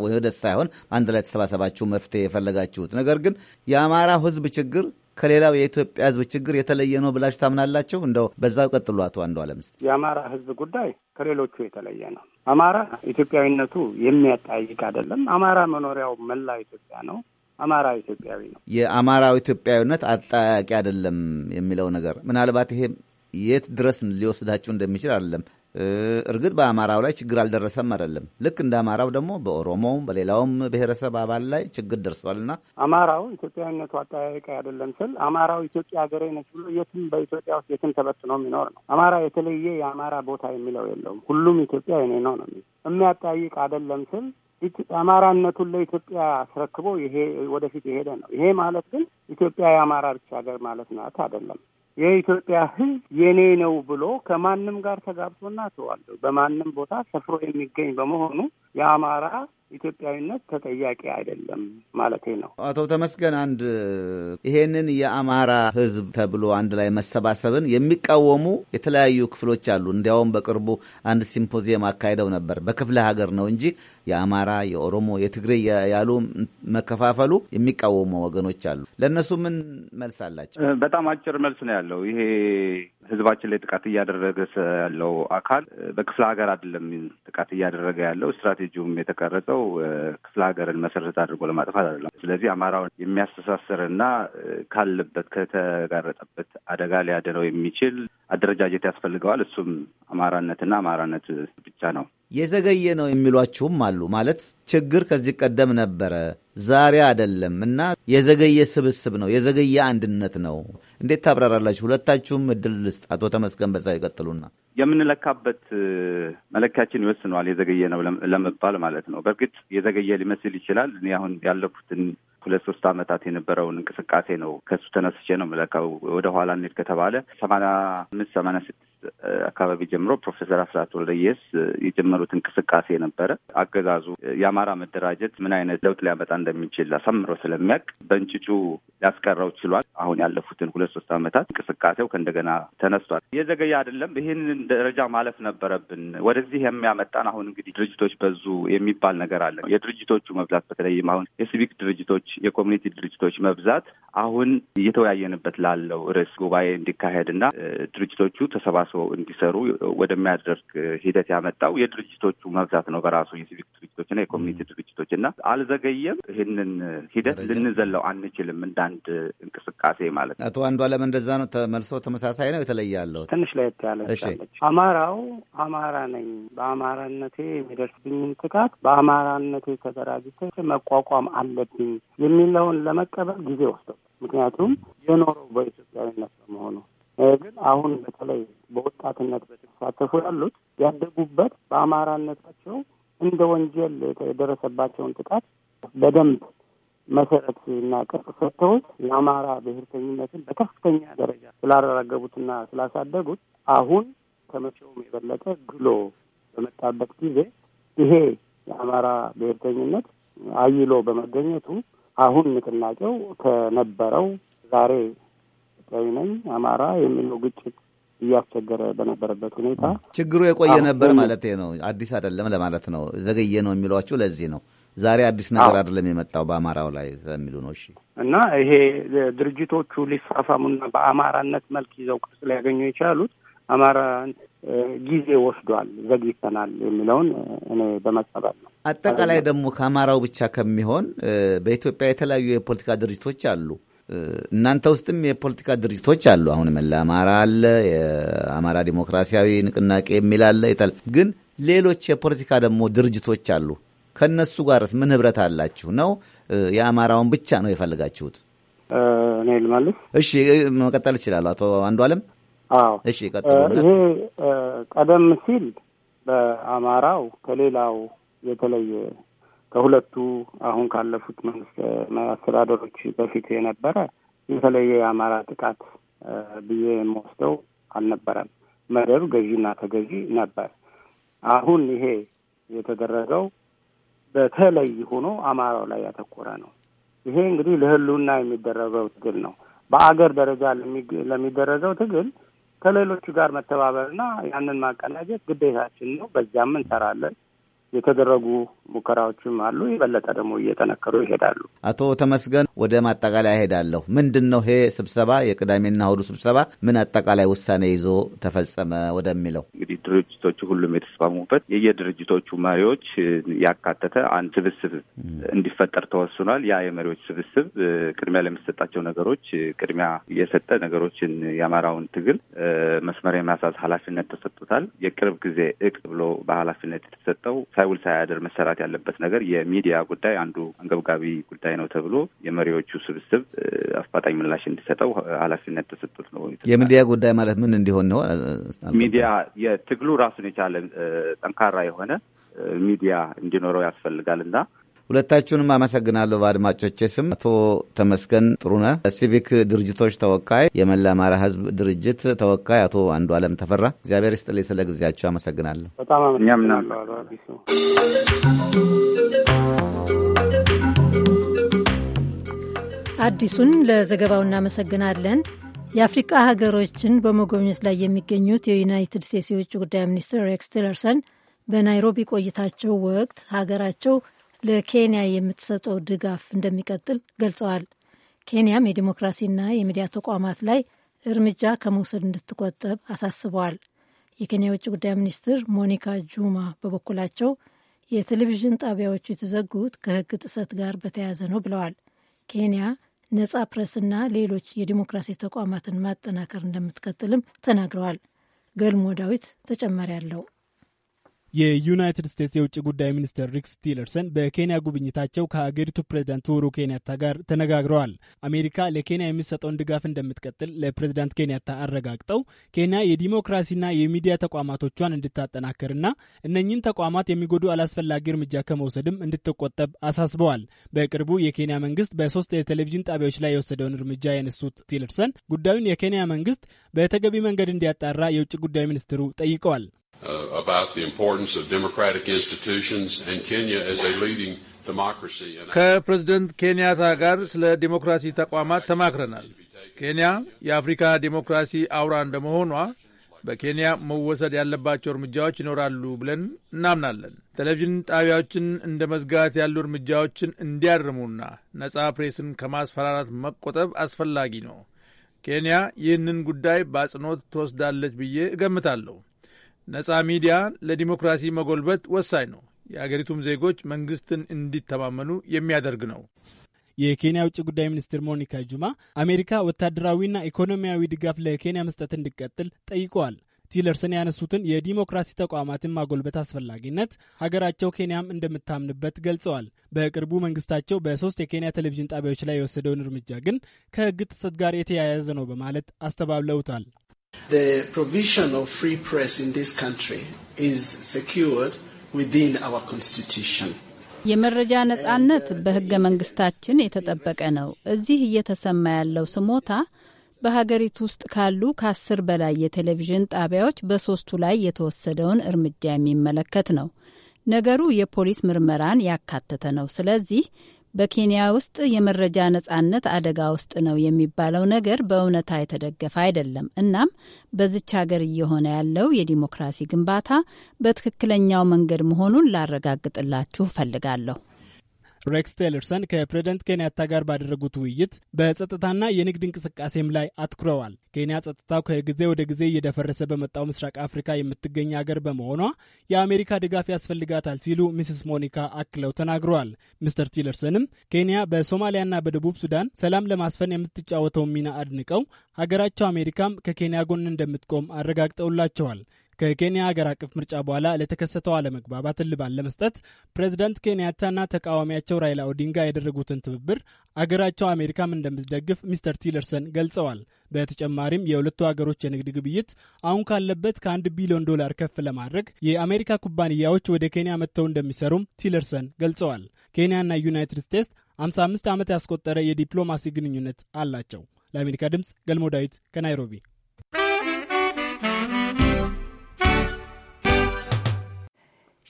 ውህደት ሳይሆን አንድ ላይ ተሰባሰባችሁ መፍትሄ የፈለጋችሁት። ነገር ግን የአማራው ሕዝብ ችግር ከሌላው የኢትዮጵያ ህዝብ ችግር የተለየ ነው ብላችሁ ታምናላችሁ? እንደው በዛው ቀጥሉ። አቶ አንዱ አለምስ የአማራ ህዝብ ጉዳይ ከሌሎቹ የተለየ ነው። አማራ ኢትዮጵያዊነቱ የሚያጠያይቅ አይደለም። አማራ መኖሪያው መላ ኢትዮጵያ ነው። አማራ ኢትዮጵያዊ ነው። የአማራው ኢትዮጵያዊነት አጠያቂ አይደለም የሚለው ነገር ምናልባት ይሄ የት ድረስ ሊወስዳችሁ እንደሚችል አይደለም እርግጥ በአማራው ላይ ችግር አልደረሰም አይደለም። ልክ እንደ አማራው ደግሞ በኦሮሞውም በሌላውም ብሔረሰብ አባል ላይ ችግር ደርሷልና አማራው ኢትዮጵያዊነቱ አጠያቂ አይደለም ስል አማራው ኢትዮጵያ ሀገሬ ነች ብሎ የትም በኢትዮጵያ ውስጥ የትም ተበትኖ የሚኖር ነው። አማራ የተለየ የአማራ ቦታ የሚለው የለውም። ሁሉም ኢትዮጵያ የኔ ነው ነው የሚያጠያይቅ አይደለም ስል አማራነቱን ለኢትዮጵያ አስረክቦ ይሄ ወደፊት የሄደ ነው። ይሄ ማለት ግን ኢትዮጵያ የአማራ ብቻ ሀገር ማለት ናት አይደለም። የኢትዮጵያ ሕዝብ የኔ ነው ብሎ ከማንም ጋር ተጋብቶና ተዋለሁ በማንም ቦታ ሰፍሮ የሚገኝ በመሆኑ የአማራ ኢትዮጵያዊነት ተጠያቂ አይደለም ማለት ነው። አቶ ተመስገን አንድ ይሄንን የአማራ ሕዝብ ተብሎ አንድ ላይ መሰባሰብን የሚቃወሙ የተለያዩ ክፍሎች አሉ። እንዲያውም በቅርቡ አንድ ሲምፖዚየም አካሄደው ነበር። በክፍለ ሀገር ነው እንጂ የአማራ፣ የኦሮሞ፣ የትግሬ ያሉ መከፋፈሉ የሚቃወሙ ወገኖች አሉ። ለእነሱ ምን መልስ አላቸው? በጣም አጭር መልስ ነው ያለው ይሄ ህዝባችን ላይ ጥቃት እያደረገ ያለው አካል በክፍለ ሀገር አይደለም ጥቃት እያደረገ ያለው። ስትራቴጂውም የተቀረጸው ክፍለ ሀገርን መሰረት አድርጎ ለማጥፋት አይደለም። ስለዚህ አማራውን የሚያስተሳስርና ካለበት ከተጋረጠበት አደጋ ሊያድነው የሚችል አደረጃጀት ያስፈልገዋል። እሱም አማራነትና አማራነት ብቻ ነው። የዘገየ ነው የሚሏችሁም አሉ። ማለት ችግር ከዚህ ቀደም ነበረ፣ ዛሬ አይደለም እና የዘገየ ስብስብ ነው፣ የዘገየ አንድነት ነው። እንዴት ታብራራላችሁ? ሁለታችሁም እድል ልስጥ። አቶ ተመስገን በዛ ይቀጥሉና የምንለካበት መለኪያችን ይወስነዋል። የዘገየ ነው ለመባል ማለት ነው። በእርግጥ የዘገየ ሊመስል ይችላል። እኔ አሁን ያለፉትን ሁለት ሶስት ዓመታት የነበረውን እንቅስቃሴ ነው ከሱ ተነስቼ ነው መለካው። ወደ ኋላ ከተባለ ሰማንያ አምስት ሰማንያ ስድስት አካባቢ ጀምሮ ፕሮፌሰር አስራት ወልደየስ የጀመሩት እንቅስቃሴ ነበረ። አገዛዙ የአማራ መደራጀት ምን አይነት ለውጥ ሊያመጣ እንደሚችል አሳምሮ ስለሚያውቅ በእንጭጩ ሊያስቀረው ችሏል። አሁን ያለፉትን ሁለት ሶስት ዓመታት እንቅስቃሴው ከእንደገና ተነስቷል። የዘገየ አይደለም። ይህንን ደረጃ ማለፍ ነበረብን። ወደዚህ የሚያመጣን አሁን እንግዲህ ድርጅቶች በዙ የሚባል ነገር አለ። የድርጅቶቹ መብዛት በተለይም አሁን የሲቪክ ድርጅቶች፣ የኮሚኒቲ ድርጅቶች መብዛት አሁን እየተወያየንበት ላለው ርዕስ ጉባኤ እንዲካሄድ እና ድርጅቶቹ ተሰባ በራሱ እንዲሰሩ ወደሚያደርግ ሂደት ያመጣው የድርጅቶቹ መብዛት ነው በራሱ የሲቪክ ድርጅቶችና የኮሚኒቲ ድርጅቶች እና አልዘገየም። ይህንን ሂደት ልንዘለው አንችልም፣ እንዳንድ እንቅስቃሴ ማለት ነው። አቶ አንዱ አለም እንደዛ ነው ተመልሶ ተመሳሳይ ነው የተለየ ትንሽ ለየት ያለቻለች። አማራው አማራ ነኝ፣ በአማራነቴ የሚደርስብኝን ጥቃት በአማራነቴ ተደራጅቶ መቋቋም አለብኝ የሚለውን ለመቀበል ጊዜ ወስዷል። ምክንያቱም የኖረው በኢትዮጵያዊነት በመሆኑ ግን አሁን በተለይ በወጣትነት በተሳተፉ ያሉት ያደጉበት በአማራነታቸው እንደ ወንጀል የደረሰባቸውን ጥቃት በደንብ መሰረት እና ቅርጽ ሰጥተውት የአማራ ብሔርተኝነትን በከፍተኛ ደረጃ ስላረጋገቡትና ስላሳደጉት አሁን ከመቼውም የበለጠ ግሎ በመጣበት ጊዜ ይሄ የአማራ ብሔርተኝነት አይሎ በመገኘቱ አሁን ንቅናቄው ከነበረው ዛሬ ኢትዮጵያዊ ነኝ፣ አማራ የሚለው ግጭት እያስቸገረ በነበረበት ሁኔታ ችግሩ የቆየ ነበር ማለት ነው። አዲስ አይደለም ለማለት ነው። ዘገየ ነው የሚሏችሁ ለዚህ ነው። ዛሬ አዲስ ነገር አይደለም የመጣው በአማራው ላይ የሚሉ ነው። እሺ። እና ይሄ ድርጅቶቹ ሊፋፋሙና በአማራነት መልክ ይዘው ቅርጽ ሊያገኙ የቻሉት አማራን ጊዜ ወስዷል፣ ዘግይተናል የሚለውን እኔ በመቀበል ነው። አጠቃላይ ደግሞ ከአማራው ብቻ ከሚሆን በኢትዮጵያ የተለያዩ የፖለቲካ ድርጅቶች አሉ እናንተ ውስጥም የፖለቲካ ድርጅቶች አሉ። አሁን መላ አማራ አለ፣ የአማራ ዲሞክራሲያዊ ንቅናቄ የሚል አለ። ግን ሌሎች የፖለቲካ ደግሞ ድርጅቶች አሉ። ከእነሱ ጋርስ ምን ህብረት አላችሁ? ነው የአማራውን ብቻ ነው የፈልጋችሁት? እኔ ልማለሁ። እሺ መቀጠል ይችላሉ አቶ አንዱ አለም። እሺ ቀጥሉ። ይሄ ቀደም ሲል በአማራው ከሌላው የተለየ ከሁለቱ አሁን ካለፉት መንግስት አስተዳደሮች በፊት የነበረ የተለየ የአማራ ጥቃት ብዬ የምወስደው አልነበረም። መደብ ገዢና ተገዢ ነበር። አሁን ይሄ የተደረገው በተለይ ሆኖ አማራው ላይ ያተኮረ ነው። ይሄ እንግዲህ ለህልውና የሚደረገው ትግል ነው። በአገር ደረጃ ለሚደረገው ትግል ከሌሎቹ ጋር መተባበርና ያንን ማቀናጀት ግዴታችን ነው። በዚያም እንሰራለን። የተደረጉ ሙከራዎችም አሉ። የበለጠ ደግሞ እየጠነከሩ ይሄዳሉ። አቶ ተመስገን ወደ ማጠቃለያ እሄዳለሁ። ምንድን ነው ይሄ ስብሰባ የቅዳሜና እሁዱ ስብሰባ ምን አጠቃላይ ውሳኔ ይዞ ተፈጸመ ወደሚለው እንግዲህ ድርጅቶቹ ሁሉም የተስማሙበት የየድርጅቶቹ መሪዎች ያካተተ አንድ ስብስብ እንዲፈጠር ተወስኗል። ያ የመሪዎች ስብስብ ቅድሚያ ለሚሰጣቸው ነገሮች ቅድሚያ የሰጠ ነገሮችን የአማራውን ትግል መስመር የሚያሳዝ ኃላፊነት ተሰጥቶታል። የቅርብ ጊዜ እቅድ ብሎ በኃላፊነት የተሰጠው ሳይውል ሳያድር መሰራት ያለበት ነገር የሚዲያ ጉዳይ አንዱ አንገብጋቢ ጉዳይ ነው ተብሎ የመሪዎቹ ስብስብ አፋጣኝ ምላሽ እንዲሰጠው ኃላፊነት ተሰጥቶት ነው። የሚዲያ ጉዳይ ማለት ምን እንዲሆን ነው? ሚዲያ የትግሉ ራሱን የቻለ ጠንካራ የሆነ ሚዲያ እንዲኖረው ያስፈልጋል እና ሁለታችሁንም አመሰግናለሁ። በአድማጮቼ ስም አቶ ተመስገን ጥሩነ ሲቪክ ድርጅቶች ተወካይ፣ የመላ አማራ ሕዝብ ድርጅት ተወካይ አቶ አንዱ አለም ተፈራ፣ እግዚአብሔር ይስጥልኝ። ስለ ጊዜያችሁ አመሰግናለሁ። አዲሱን ለዘገባው እናመሰግናለን። የአፍሪቃ ሀገሮችን በመጎብኘት ላይ የሚገኙት የዩናይትድ ስቴትስ የውጭ ጉዳይ ሚኒስትር ሬክስ ቲለርሰን በናይሮቢ ቆይታቸው ወቅት ሀገራቸው ለኬንያ የምትሰጠው ድጋፍ እንደሚቀጥል ገልጸዋል። ኬንያም የዲሞክራሲና የሚዲያ ተቋማት ላይ እርምጃ ከመውሰድ እንድትቆጠብ አሳስበዋል። የኬንያ የውጭ ጉዳይ ሚኒስትር ሞኒካ ጁማ በበኩላቸው የቴሌቪዥን ጣቢያዎቹ የተዘጉት ከሕግ ጥሰት ጋር በተያያዘ ነው ብለዋል። ኬንያ ነጻ ፕረስና ሌሎች የዲሞክራሲ ተቋማትን ማጠናከር እንደምትቀጥልም ተናግረዋል። ገልሞ ዳዊት ተጨማሪ አለው። የዩናይትድ ስቴትስ የውጭ ጉዳይ ሚኒስትር ሪክስ ቲለርሰን በኬንያ ጉብኝታቸው ከሀገሪቱ ፕሬዚዳንት ኡሁሩ ኬንያታ ጋር ተነጋግረዋል። አሜሪካ ለኬንያ የሚሰጠውን ድጋፍ እንደምትቀጥል ለፕሬዚዳንት ኬንያታ አረጋግጠው ኬንያ የዲሞክራሲና የሚዲያ ተቋማቶቿን እንድታጠናክርና እነኚህን ተቋማት የሚጎዱ አላስፈላጊ እርምጃ ከመውሰድም እንድትቆጠብ አሳስበዋል። በቅርቡ የኬንያ መንግስት በሶስት የቴሌቪዥን ጣቢያዎች ላይ የወሰደውን እርምጃ ያነሱት ቲለርሰን ጉዳዩን የኬንያ መንግስት በተገቢ መንገድ እንዲያጣራ የውጭ ጉዳይ ሚኒስትሩ ጠይቀዋል። Uh, about the importance of democratic institutions and Kenya as a leading democracy. ከፕሬዝደንት ኬንያታ ጋር ስለ ዲሞክራሲ ተቋማት ተማክረናል። ኬንያ የአፍሪካ ዲሞክራሲ አውራ እንደመሆኗ በኬንያ መወሰድ ያለባቸው እርምጃዎች ይኖራሉ ብለን እናምናለን። ቴሌቪዥን ጣቢያዎችን እንደ መዝጋት ያሉ እርምጃዎችን እንዲያርሙና ነጻ ፕሬስን ከማስፈራራት መቆጠብ አስፈላጊ ነው። ኬንያ ይህንን ጉዳይ በአጽንኦት ትወስዳለች ብዬ እገምታለሁ። ነጻ ሚዲያ ለዲሞክራሲ መጎልበት ወሳኝ ነው። የአገሪቱም ዜጎች መንግስትን እንዲተማመኑ የሚያደርግ ነው። የኬንያ ውጭ ጉዳይ ሚኒስትር ሞኒካ ጁማ አሜሪካ ወታደራዊና ኢኮኖሚያዊ ድጋፍ ለኬንያ መስጠት እንዲቀጥል ጠይቀዋል። ቲለርሰን ያነሱትን የዲሞክራሲ ተቋማትን ማጎልበት አስፈላጊነት ሀገራቸው ኬንያም እንደምታምንበት ገልጸዋል። በቅርቡ መንግስታቸው በሶስት የኬንያ ቴሌቪዥን ጣቢያዎች ላይ የወሰደውን እርምጃ ግን ከህግ ጥሰት ጋር የተያያዘ ነው በማለት አስተባብለውታል። The provision of free press in this country is secured within our constitution. የመረጃ ነጻነት በህገ መንግስታችን የተጠበቀ ነው። እዚህ እየተሰማ ያለው ስሞታ በሀገሪቱ ውስጥ ካሉ ከአስር በላይ የቴሌቪዥን ጣቢያዎች በሶስቱ ላይ የተወሰደውን እርምጃ የሚመለከት ነው። ነገሩ የፖሊስ ምርመራን ያካተተ ነው። ስለዚህ በኬንያ ውስጥ የመረጃ ነጻነት አደጋ ውስጥ ነው የሚባለው ነገር በእውነታ የተደገፈ አይደለም። እናም በዚች ሀገር እየሆነ ያለው የዲሞክራሲ ግንባታ በትክክለኛው መንገድ መሆኑን ላረጋግጥላችሁ ፈልጋለሁ። ሬክስ ቴለርሰን ከፕሬዝደንት ኬንያታ ጋር ባደረጉት ውይይት በጸጥታና የንግድ እንቅስቃሴም ላይ አትኩረዋል። ኬንያ ጸጥታው ከጊዜ ወደ ጊዜ እየደፈረሰ በመጣው ምስራቅ አፍሪካ የምትገኝ አገር በመሆኗ የአሜሪካ ድጋፍ ያስፈልጋታል ሲሉ ሚስስ ሞኒካ አክለው ተናግረዋል። ሚስተር ቲለርሰንም ኬንያ በሶማሊያና በደቡብ ሱዳን ሰላም ለማስፈን የምትጫወተውን ሚና አድንቀው ሀገራቸው አሜሪካም ከኬንያ ጎን እንደምትቆም አረጋግጠውላቸዋል። ከኬንያ ሀገር አቀፍ ምርጫ በኋላ ለተከሰተው አለመግባባት እልባት ለመስጠት ፕሬዝዳንት ኬንያታና ተቃዋሚያቸው ራይላ ኦዲንጋ ያደረጉትን ትብብር አገራቸው አሜሪካም እንደምትደግፍ ሚስተር ቲለርሰን ገልጸዋል። በተጨማሪም የሁለቱ ሀገሮች የንግድ ግብይት አሁን ካለበት ከአንድ ቢሊዮን ዶላር ከፍ ለማድረግ የአሜሪካ ኩባንያዎች ወደ ኬንያ መጥተው እንደሚሰሩም ቲለርሰን ገልጸዋል። ኬንያና ዩናይትድ ስቴትስ 55 ዓመት ያስቆጠረ የዲፕሎማሲ ግንኙነት አላቸው። ለአሜሪካ ድምፅ ገልሞ ዳዊት ከናይሮቢ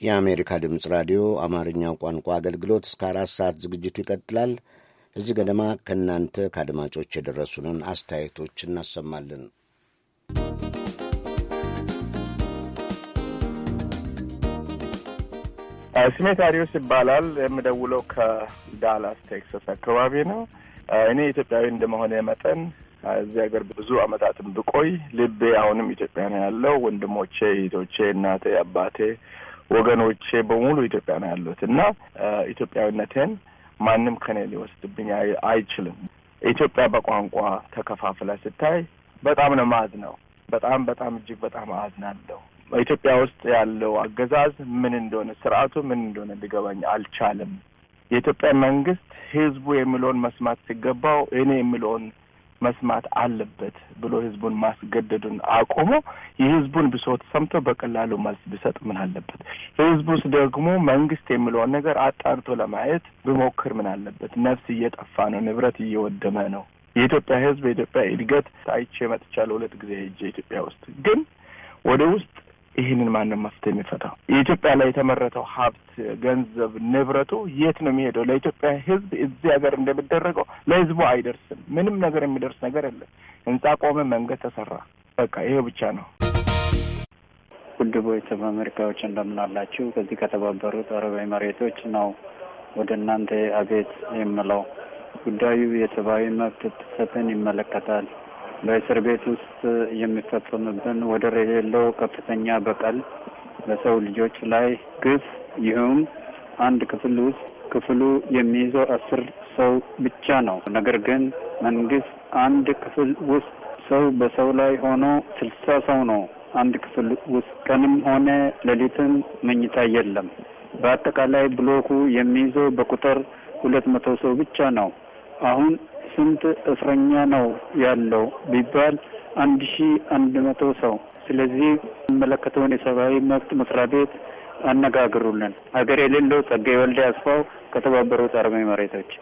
የአሜሪካ ድምፅ ራዲዮ አማርኛው ቋንቋ አገልግሎት እስከ አራት ሰዓት ዝግጅቱ ይቀጥላል። እዚህ ገደማ ከእናንተ ከአድማጮች የደረሱንን አስተያየቶች እናሰማለን። ስሜ ታዲዮስ ይባላል። የምደውለው ከዳላስ ቴክሳስ አካባቢ ነው። እኔ ኢትዮጵያዊ እንደመሆነ መጠን እዚህ ሀገር ብዙ አመታትን ብቆይ ልቤ አሁንም ኢትዮጵያ ነው ያለው። ወንድሞቼ፣ እህቶቼ፣ እናቴ፣ አባቴ ወገኖቼ በሙሉ ኢትዮጵያ ነው ያሉት እና ኢትዮጵያዊነትን ማንም ከኔ ሊወስድብኝ አይችልም። ኢትዮጵያ በቋንቋ ተከፋፍለ ስታይ በጣም ነው ማዝ ነው። በጣም በጣም እጅግ በጣም አዝናለሁ። ኢትዮጵያ ውስጥ ያለው አገዛዝ ምን እንደሆነ ስርዓቱ ምን እንደሆነ ሊገባኝ አልቻለም። የኢትዮጵያ መንግስት ህዝቡ የሚለውን መስማት ሲገባው እኔ የሚለውን መስማት አለበት ብሎ ህዝቡን ማስገደዱን አቁሞ የህዝቡን ብሶት ሰምቶ በቀላሉ መልስ ቢሰጥ ምን አለበት? ህዝቡስ ደግሞ መንግስት የሚለውን ነገር አጣርቶ ለማየት ብሞክር ምን አለበት? ነፍስ እየጠፋ ነው፣ ንብረት እየወደመ ነው። የኢትዮጵያ ህዝብ የኢትዮጵያ እድገት አይቼ መጥቻለሁ። ሁለት ጊዜ ሄጄ ኢትዮጵያ ውስጥ ግን ወደ ውስጥ ይህንን ማንም መፍትሄ የሚፈታው የኢትዮጵያ ላይ የተመረተው ሀብት፣ ገንዘብ፣ ንብረቱ የት ነው የሚሄደው? ለኢትዮጵያ ሕዝብ እዚህ ሀገር እንደሚደረገው ለሕዝቡ አይደርስም። ምንም ነገር የሚደርስ ነገር የለም። ህንጻ ቆመ፣ መንገድ ተሰራ፣ በቃ ይሄ ብቻ ነው። ውድ ቮይስ ኦፍ አሜሪካዎች እንደምናላችሁ ከዚህ ከተባበሩት አረብ ኤሚሬቶች ነው ወደ እናንተ አቤት የምለው ጉዳዩ የሰብአዊ መብት ጥሰትን ይመለከታል። በእስር ቤት ውስጥ የሚፈጸምብን ወደር የሌለው ከፍተኛ በቀል በሰው ልጆች ላይ ግፍ ይህም አንድ ክፍል ውስጥ ክፍሉ የሚይዘው አስር ሰው ብቻ ነው። ነገር ግን መንግስት አንድ ክፍል ውስጥ ሰው በሰው ላይ ሆኖ ስልሳ ሰው ነው አንድ ክፍል ውስጥ ቀንም ሆነ ሌሊትም መኝታ የለም። በአጠቃላይ ብሎኩ የሚይዘው በቁጥር ሁለት መቶ ሰው ብቻ ነው። አሁን ስንት እስረኛ ነው ያለው ቢባል አንድ ሺ አንድ መቶ ሰው። ስለዚህ የሚመለከተውን የሰብአዊ መብት መስሪያ ቤት አነጋግሩልን። ሀገር የሌለው ጸጋዬ ወልደ አስፋው ከተባበሩት አረብ ኤሚሬቶች።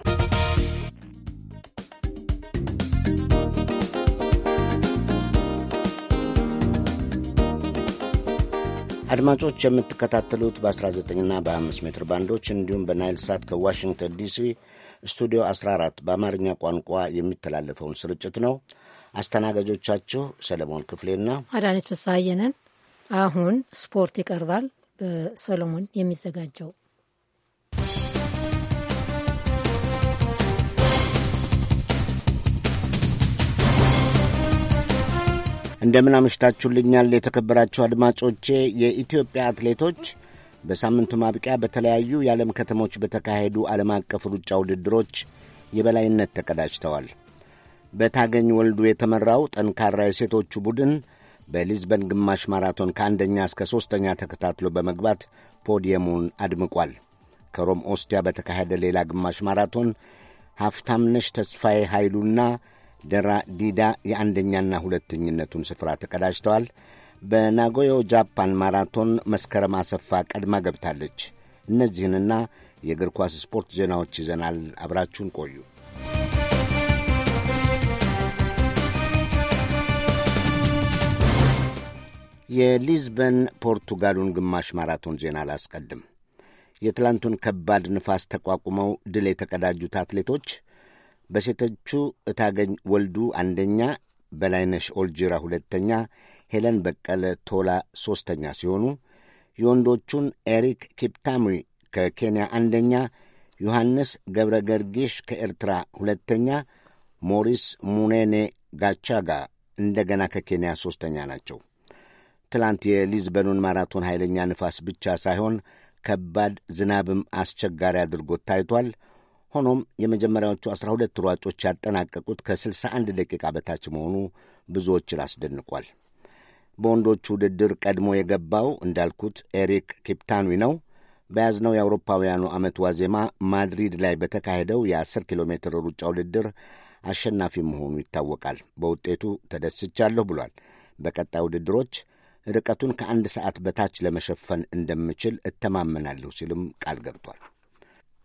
አድማጮች የምትከታተሉት በ19ና በ5 ሜትር ባንዶች እንዲሁም በናይል ሳት ከዋሽንግተን ዲሲ ስቱዲዮ 14 በአማርኛ ቋንቋ የሚተላለፈውን ስርጭት ነው። አስተናጋጆቻችሁ ሰለሞን ክፍሌና አዳነች ፍስሐየነን። አሁን ስፖርት ይቀርባል። በሰሎሞን የሚዘጋጀው እንደምን አመሽታችሁልኛል የተከበራችሁ አድማጮቼ። የኢትዮጵያ አትሌቶች በሳምንቱ ማብቂያ በተለያዩ የዓለም ከተሞች በተካሄዱ ዓለም አቀፍ ሩጫ ውድድሮች የበላይነት ተቀዳጅተዋል። በታገኝ ወልዱ የተመራው ጠንካራ የሴቶቹ ቡድን በሊዝበን ግማሽ ማራቶን ከአንደኛ እስከ ሦስተኛ ተከታትሎ በመግባት ፖዲየሙን አድምቋል። ከሮም ኦስቲያ በተካሄደ ሌላ ግማሽ ማራቶን ሀፍታምነሽ ተስፋዬ ኃይሉና ደራ ዲዳ የአንደኛና ሁለተኝነቱን ስፍራ ተቀዳጅተዋል። በናጎዮ ጃፓን ማራቶን መስከረም አሰፋ ቀድማ ገብታለች። እነዚህንና የእግር ኳስ ስፖርት ዜናዎች ይዘናል። አብራችሁን ቆዩ። የሊዝበን ፖርቱጋሉን ግማሽ ማራቶን ዜና አላስቀድም። የትላንቱን ከባድ ንፋስ ተቋቁመው ድል የተቀዳጁት አትሌቶች በሴቶቹ እታገኝ ወልዱ አንደኛ፣ በላይነሽ ኦልጂራ ሁለተኛ፣ ሄለን በቀለ ቶላ ሦስተኛ ሲሆኑ የወንዶቹን ኤሪክ ኪፕታሙይ ከኬንያ አንደኛ፣ ዮሐንስ ገብረ ገርጊሽ ከኤርትራ ሁለተኛ፣ ሞሪስ ሙኔኔ ጋቻጋ እንደገና ከኬንያ ሦስተኛ ናቸው። ትላንት የሊዝበኑን ማራቶን ኃይለኛ ንፋስ ብቻ ሳይሆን ከባድ ዝናብም አስቸጋሪ አድርጎት ታይቷል። ሆኖም የመጀመሪያዎቹ ሁለት ሯጮች ያጠናቀቁት ከ61 ደቂቃ በታች መሆኑ ብዙዎችን አስደንቋል። በወንዶቹ ውድድር ቀድሞ የገባው እንዳልኩት ኤሪክ ኪፕታንዊ ነው። በያዝነው የአውሮፓውያኑ ዓመት ዋዜማ ማድሪድ ላይ በተካሄደው የ10 ኪሎ ሜትር ሩጫ ውድድር አሸናፊ መሆኑ ይታወቃል። በውጤቱ ተደስቻለሁ ብሏል። በቀጣይ ውድድሮች ርቀቱን ከአንድ ሰዓት በታች ለመሸፈን እንደምችል እተማመናለሁ ሲልም ቃል ገብቷል።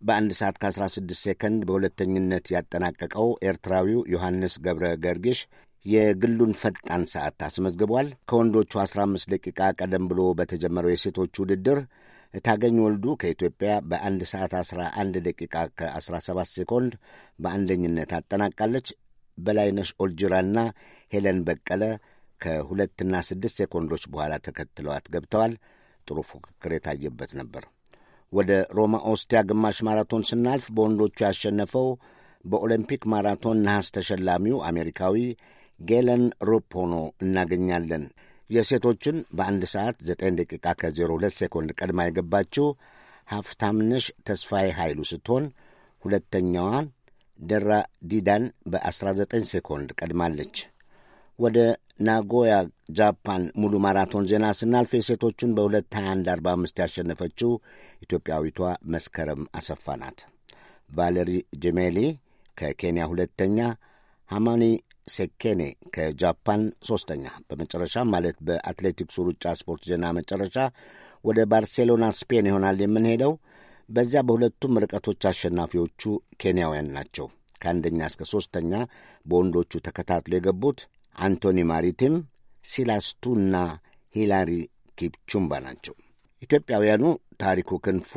በአንድ ሰዓት ከ16 ሴከንድ በሁለተኝነት ያጠናቀቀው ኤርትራዊው ዮሐንስ ገብረ ገርጌሽ የግሉን ፈጣን ሰዓት አስመዝግቧል። ከወንዶቹ 15 ደቂቃ ቀደም ብሎ በተጀመረው የሴቶቹ ውድድር እታገኝ ወልዱ ከኢትዮጵያ በ1 ሰዓት 11 ደቂቃ ከ17 ሴኮንድ በአንደኝነት አጠናቃለች። በላይነሽ ኦልጅራና ሄለን በቀለ ከሁለትና ስድስት ሴኮንዶች በኋላ ተከትለዋት ገብተዋል። ጥሩ ፉክክር የታየበት ነበር። ወደ ሮማ ኦስቲያ ግማሽ ማራቶን ስናልፍ በወንዶቹ ያሸነፈው በኦሎምፒክ ማራቶን ነሐስ ተሸላሚው አሜሪካዊ ጌለን ሩፕ ሆኖ እናገኛለን። የሴቶችን በአንድ ሰዓት 9 ደቂቃ ከ02 ሴኮንድ ቀድማ የገባችው ሀፍታምነሽ ተስፋዬ ኃይሉ ስትሆን ሁለተኛዋን ደራ ዲዳን በ19 ሴኮንድ ቀድማለች። ወደ ናጎያ ጃፓን ሙሉ ማራቶን ዜና ስናልፍ የሴቶቹን በ22145 ያሸነፈችው ኢትዮጵያዊቷ መስከረም አሰፋ ናት። ቫሌሪ ጅሜሊ ከኬንያ ሁለተኛ፣ ሃማኒ ሴኬኔ ከጃፓን ሶስተኛ። በመጨረሻ ማለት በአትሌቲክሱ ሩጫ ስፖርት ዜና መጨረሻ ወደ ባርሴሎና ስፔን ይሆናል የምንሄደው። በዚያ በሁለቱም ርቀቶች አሸናፊዎቹ ኬንያውያን ናቸው። ከአንደኛ እስከ ሶስተኛ በወንዶቹ ተከታትሎ የገቡት አንቶኒ ማሪቲም፣ ሲላስቱ እና ሂላሪ ኪፕቹምባ ናቸው። ኢትዮጵያውያኑ ታሪኩ ክንፉ፣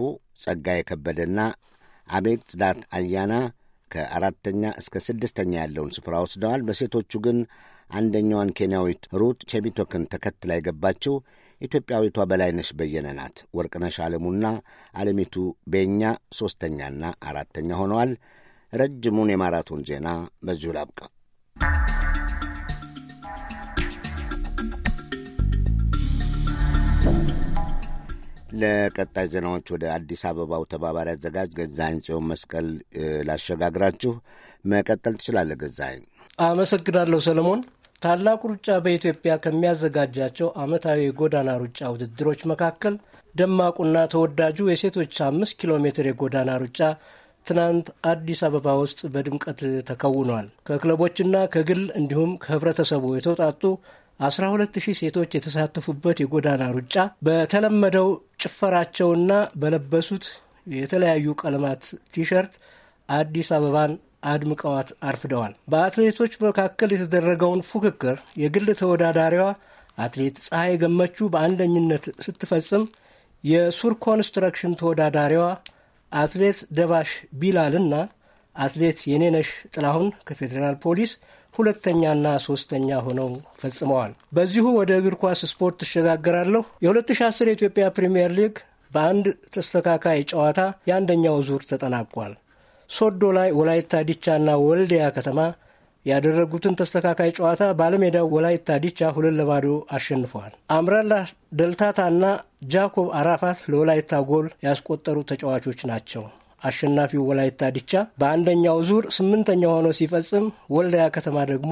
ጸጋ የከበደና አቤት ጽዳት አያና ከአራተኛ እስከ ስድስተኛ ያለውን ስፍራ ወስደዋል። በሴቶቹ ግን አንደኛዋን ኬንያዊት ሩት ቼቢቶክን ተከትላ የገባችው ኢትዮጵያዊቷ በላይነሽ በየነ ናት። ወርቅነሽ አለሙና አለሚቱ ቤኛ ሦስተኛና አራተኛ ሆነዋል። ረጅሙን የማራቶን ዜና በዚሁ ላብቃ። ለቀጣይ ዜናዎች ወደ አዲስ አበባው ተባባሪ አዘጋጅ ገዛኝ ጽዮን መስቀል ላሸጋግራችሁ። መቀጠል ትችላለህ ገዛኝ። አመሰግናለሁ ሰለሞን። ታላቁ ሩጫ በኢትዮጵያ ከሚያዘጋጃቸው ዓመታዊ የጎዳና ሩጫ ውድድሮች መካከል ደማቁና ተወዳጁ የሴቶች አምስት ኪሎ ሜትር የጎዳና ሩጫ ትናንት አዲስ አበባ ውስጥ በድምቀት ተከውኗል። ከክለቦችና ከግል እንዲሁም ከህብረተሰቡ የተውጣጡ 12 ሺህ ሴቶች የተሳተፉበት የጎዳና ሩጫ በተለመደው ጭፈራቸውና በለበሱት የተለያዩ ቀለማት ቲሸርት አዲስ አበባን አድምቀዋት አርፍደዋል። በአትሌቶች መካከል የተደረገውን ፉክክር የግል ተወዳዳሪዋ አትሌት ፀሐይ ገመቹ በአንደኝነት ስትፈጽም የሱር ኮንስትራክሽን ተወዳዳሪዋ አትሌት ደባሽ ቢላልና አትሌት የኔነሽ ጥላሁን ከፌዴራል ፖሊስ ሁለተኛና ሶስተኛ ሆነው ፈጽመዋል። በዚሁ ወደ እግር ኳስ ስፖርት ትሸጋገራለሁ። የ2010 የኢትዮጵያ ፕሪምየር ሊግ በአንድ ተስተካካይ ጨዋታ የአንደኛው ዙር ተጠናቋል። ሶዶ ላይ ወላይታ ዲቻና ወልዲያ ከተማ ያደረጉትን ተስተካካይ ጨዋታ ባለሜዳው ወላይታ ዲቻ ሁለት ለባዶ አሸንፈዋል። አምራላ ደልታታና ጃኮብ አራፋት ለወላይታ ጎል ያስቆጠሩ ተጫዋቾች ናቸው። አሸናፊው ወላይታ ዲቻ በአንደኛው ዙር ስምንተኛ ሆኖ ሲፈጽም ወልዳያ ከተማ ደግሞ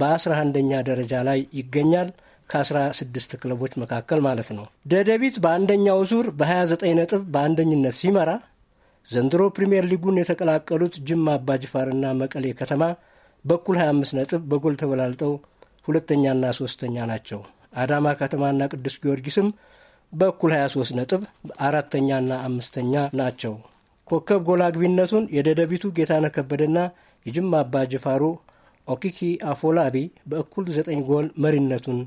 በአስራ አንደኛ ደረጃ ላይ ይገኛል። ከአስራ ስድስት ክለቦች መካከል ማለት ነው። ደደቢት በአንደኛው ዙር በ29 ነጥብ በአንደኝነት ሲመራ ዘንድሮ ፕሪምየር ሊጉን የተቀላቀሉት ጅማ አባጅፋርና መቀሌ ከተማ በኩል 25 ነጥብ በጎል ተበላልጠው ሁለተኛና ሶስተኛ ናቸው። አዳማ ከተማና ቅዱስ ጊዮርጊስም በኩል 23 ነጥብ አራተኛና አምስተኛ ናቸው። ኮከብ ጎል አግቢነቱን የደደቢቱ ጌታነ ከበደና የጅማ አባ ጅፋሩ ኦኪኪ አፎላቢ በእኩል ዘጠኝ ጎል መሪነቱን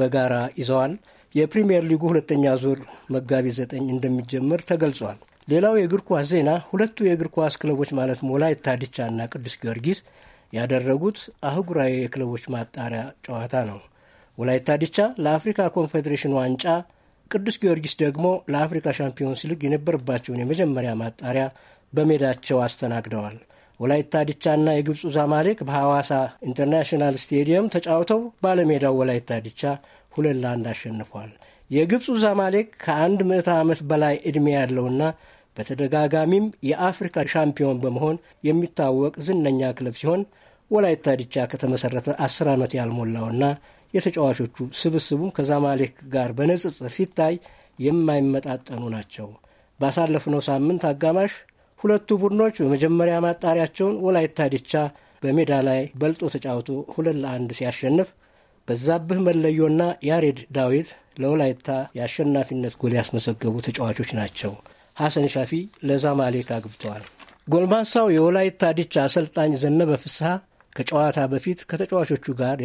በጋራ ይዘዋል። የፕሪምየር ሊጉ ሁለተኛ ዙር መጋቢት ዘጠኝ እንደሚጀምር ተገልጿል። ሌላው የእግር ኳስ ዜና ሁለቱ የእግር ኳስ ክለቦች ማለት ወላይታ ዲቻና ቅዱስ ጊዮርጊስ ያደረጉት አህጉራዊ የክለቦች ማጣሪያ ጨዋታ ነው። ወላይታ ዲቻ ለአፍሪካ ኮንፌዴሬሽን ዋንጫ ቅዱስ ጊዮርጊስ ደግሞ ለአፍሪካ ሻምፒዮንስ ሊግ የነበረባቸውን የመጀመሪያ ማጣሪያ በሜዳቸው አስተናግደዋል። ወላይታ ዲቻና የግብፁ ዛማሌክ በሐዋሳ ኢንተርናሽናል ስቴዲየም ተጫውተው ባለሜዳው ወላይታ ዲቻ ሁለት ለአንድ አሸንፏል። የግብፁ ዛማሌክ ከአንድ ምዕተ ዓመት በላይ ዕድሜ ያለውና በተደጋጋሚም የአፍሪካ ሻምፒዮን በመሆን የሚታወቅ ዝነኛ ክለብ ሲሆን ወላይታ ዲቻ ከተመሠረተ አስር ዓመት ያልሞላውና የተጫዋቾቹ ስብስቡም ከዛማሌክ ጋር በንጽጽር ሲታይ የማይመጣጠኑ ናቸው። ባሳለፍነው ሳምንት አጋማሽ ሁለቱ ቡድኖች በመጀመሪያ ማጣሪያቸውን ወላይታ ዲቻ በሜዳ ላይ በልጦ ተጫውቶ ሁለት ለአንድ ሲያሸንፍ በዛብህ መለዮና ያሬድ ዳዊት ለወላይታ የአሸናፊነት ጎል ያስመዘገቡ ተጫዋቾች ናቸው። ሐሰን ሻፊ ለዛማሌክ አግብተዋል። ጎልማሳው የወላይታ ዲቻ አሰልጣኝ ዘነበ ፍስሐ ከጨዋታ በፊት ከተጫዋቾቹ ጋር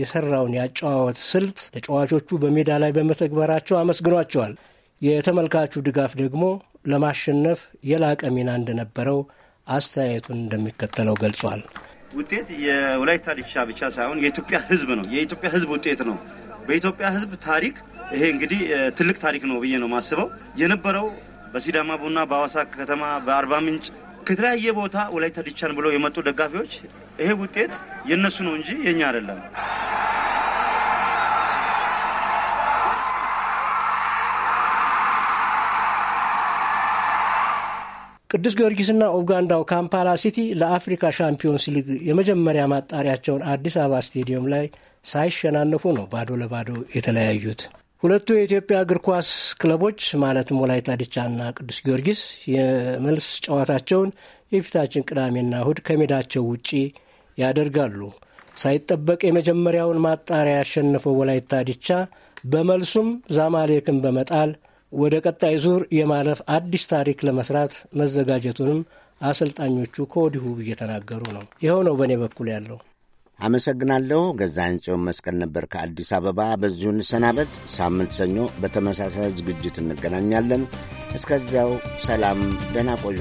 የሰራውን የአጨዋወት ስልት ተጫዋቾቹ በሜዳ ላይ በመተግበራቸው አመስግኗቸዋል። የተመልካቹ ድጋፍ ደግሞ ለማሸነፍ የላቀ ሚና እንደነበረው አስተያየቱን እንደሚከተለው ገልጿል። ውጤት የወላይታ ድቻ ብቻ ሳይሆን የኢትዮጵያ ሕዝብ ነው። የኢትዮጵያ ሕዝብ ውጤት ነው። በኢትዮጵያ ሕዝብ ታሪክ ይሄ እንግዲህ ትልቅ ታሪክ ነው ብዬ ነው ማስበው የነበረው በሲዳማ ቡና፣ በአዋሳ ከተማ፣ በአርባ ምንጭ ከተለያየ ቦታ ወላይታ ዲቻን ብለው የመጡ ደጋፊዎች ይሄ ውጤት የነሱ ነው እንጂ የኛ አይደለም። ቅዱስ ጊዮርጊስና ኡጋንዳው ካምፓላ ሲቲ ለአፍሪካ ሻምፒዮንስ ሊግ የመጀመሪያ ማጣሪያቸውን አዲስ አበባ ስቴዲየም ላይ ሳይሸናነፉ ነው ባዶ ለባዶ የተለያዩት። ሁለቱ የኢትዮጵያ እግር ኳስ ክለቦች ማለትም ወላይታ ዲቻና ቅዱስ ጊዮርጊስ የመልስ ጨዋታቸውን የፊታችን ቅዳሜና እሁድ ከሜዳቸው ውጪ ያደርጋሉ። ሳይጠበቅ የመጀመሪያውን ማጣሪያ ያሸነፈው ወላይታ ድቻ በመልሱም ዛማሌክን በመጣል ወደ ቀጣይ ዙር የማለፍ አዲስ ታሪክ ለመስራት መዘጋጀቱንም አሰልጣኞቹ ከወዲሁ እየተናገሩ ነው። ይኸው ነው በእኔ በኩል ያለው። አመሰግናለሁ። ገዛኸኝ ጽዮን መስቀል ነበር ከአዲስ አበባ። በዚሁ እንሰናበት። ሳምንት ሰኞ በተመሳሳይ ዝግጅት እንገናኛለን። እስከዚያው ሰላም፣ ደህና ቆዩ።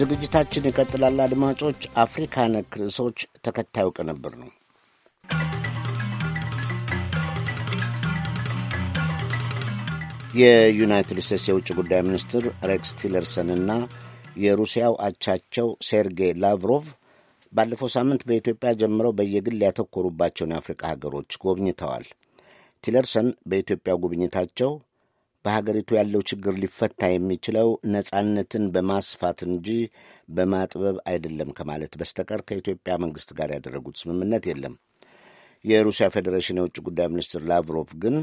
ዝግጅታችን ይቀጥላል። አድማጮች፣ አፍሪካ ነክ ርዕሶች ተከታዩ ቅንብር ነው። የዩናይትድ ስቴትስ የውጭ ጉዳይ ሚኒስትር ሬክስ ቲለርሰንና የሩሲያው አቻቸው ሴርጌይ ላቭሮቭ ባለፈው ሳምንት በኢትዮጵያ ጀምረው በየግል ያተኮሩባቸውን የአፍሪቃ ሀገሮች ጎብኝተዋል። ቲለርሰን በኢትዮጵያ ጉብኝታቸው በሀገሪቱ ያለው ችግር ሊፈታ የሚችለው ነጻነትን በማስፋት እንጂ በማጥበብ አይደለም ከማለት በስተቀር ከኢትዮጵያ መንግሥት ጋር ያደረጉት ስምምነት የለም። የሩሲያ ፌዴሬሽን የውጭ ጉዳይ ሚኒስትር ላቭሮቭ ግን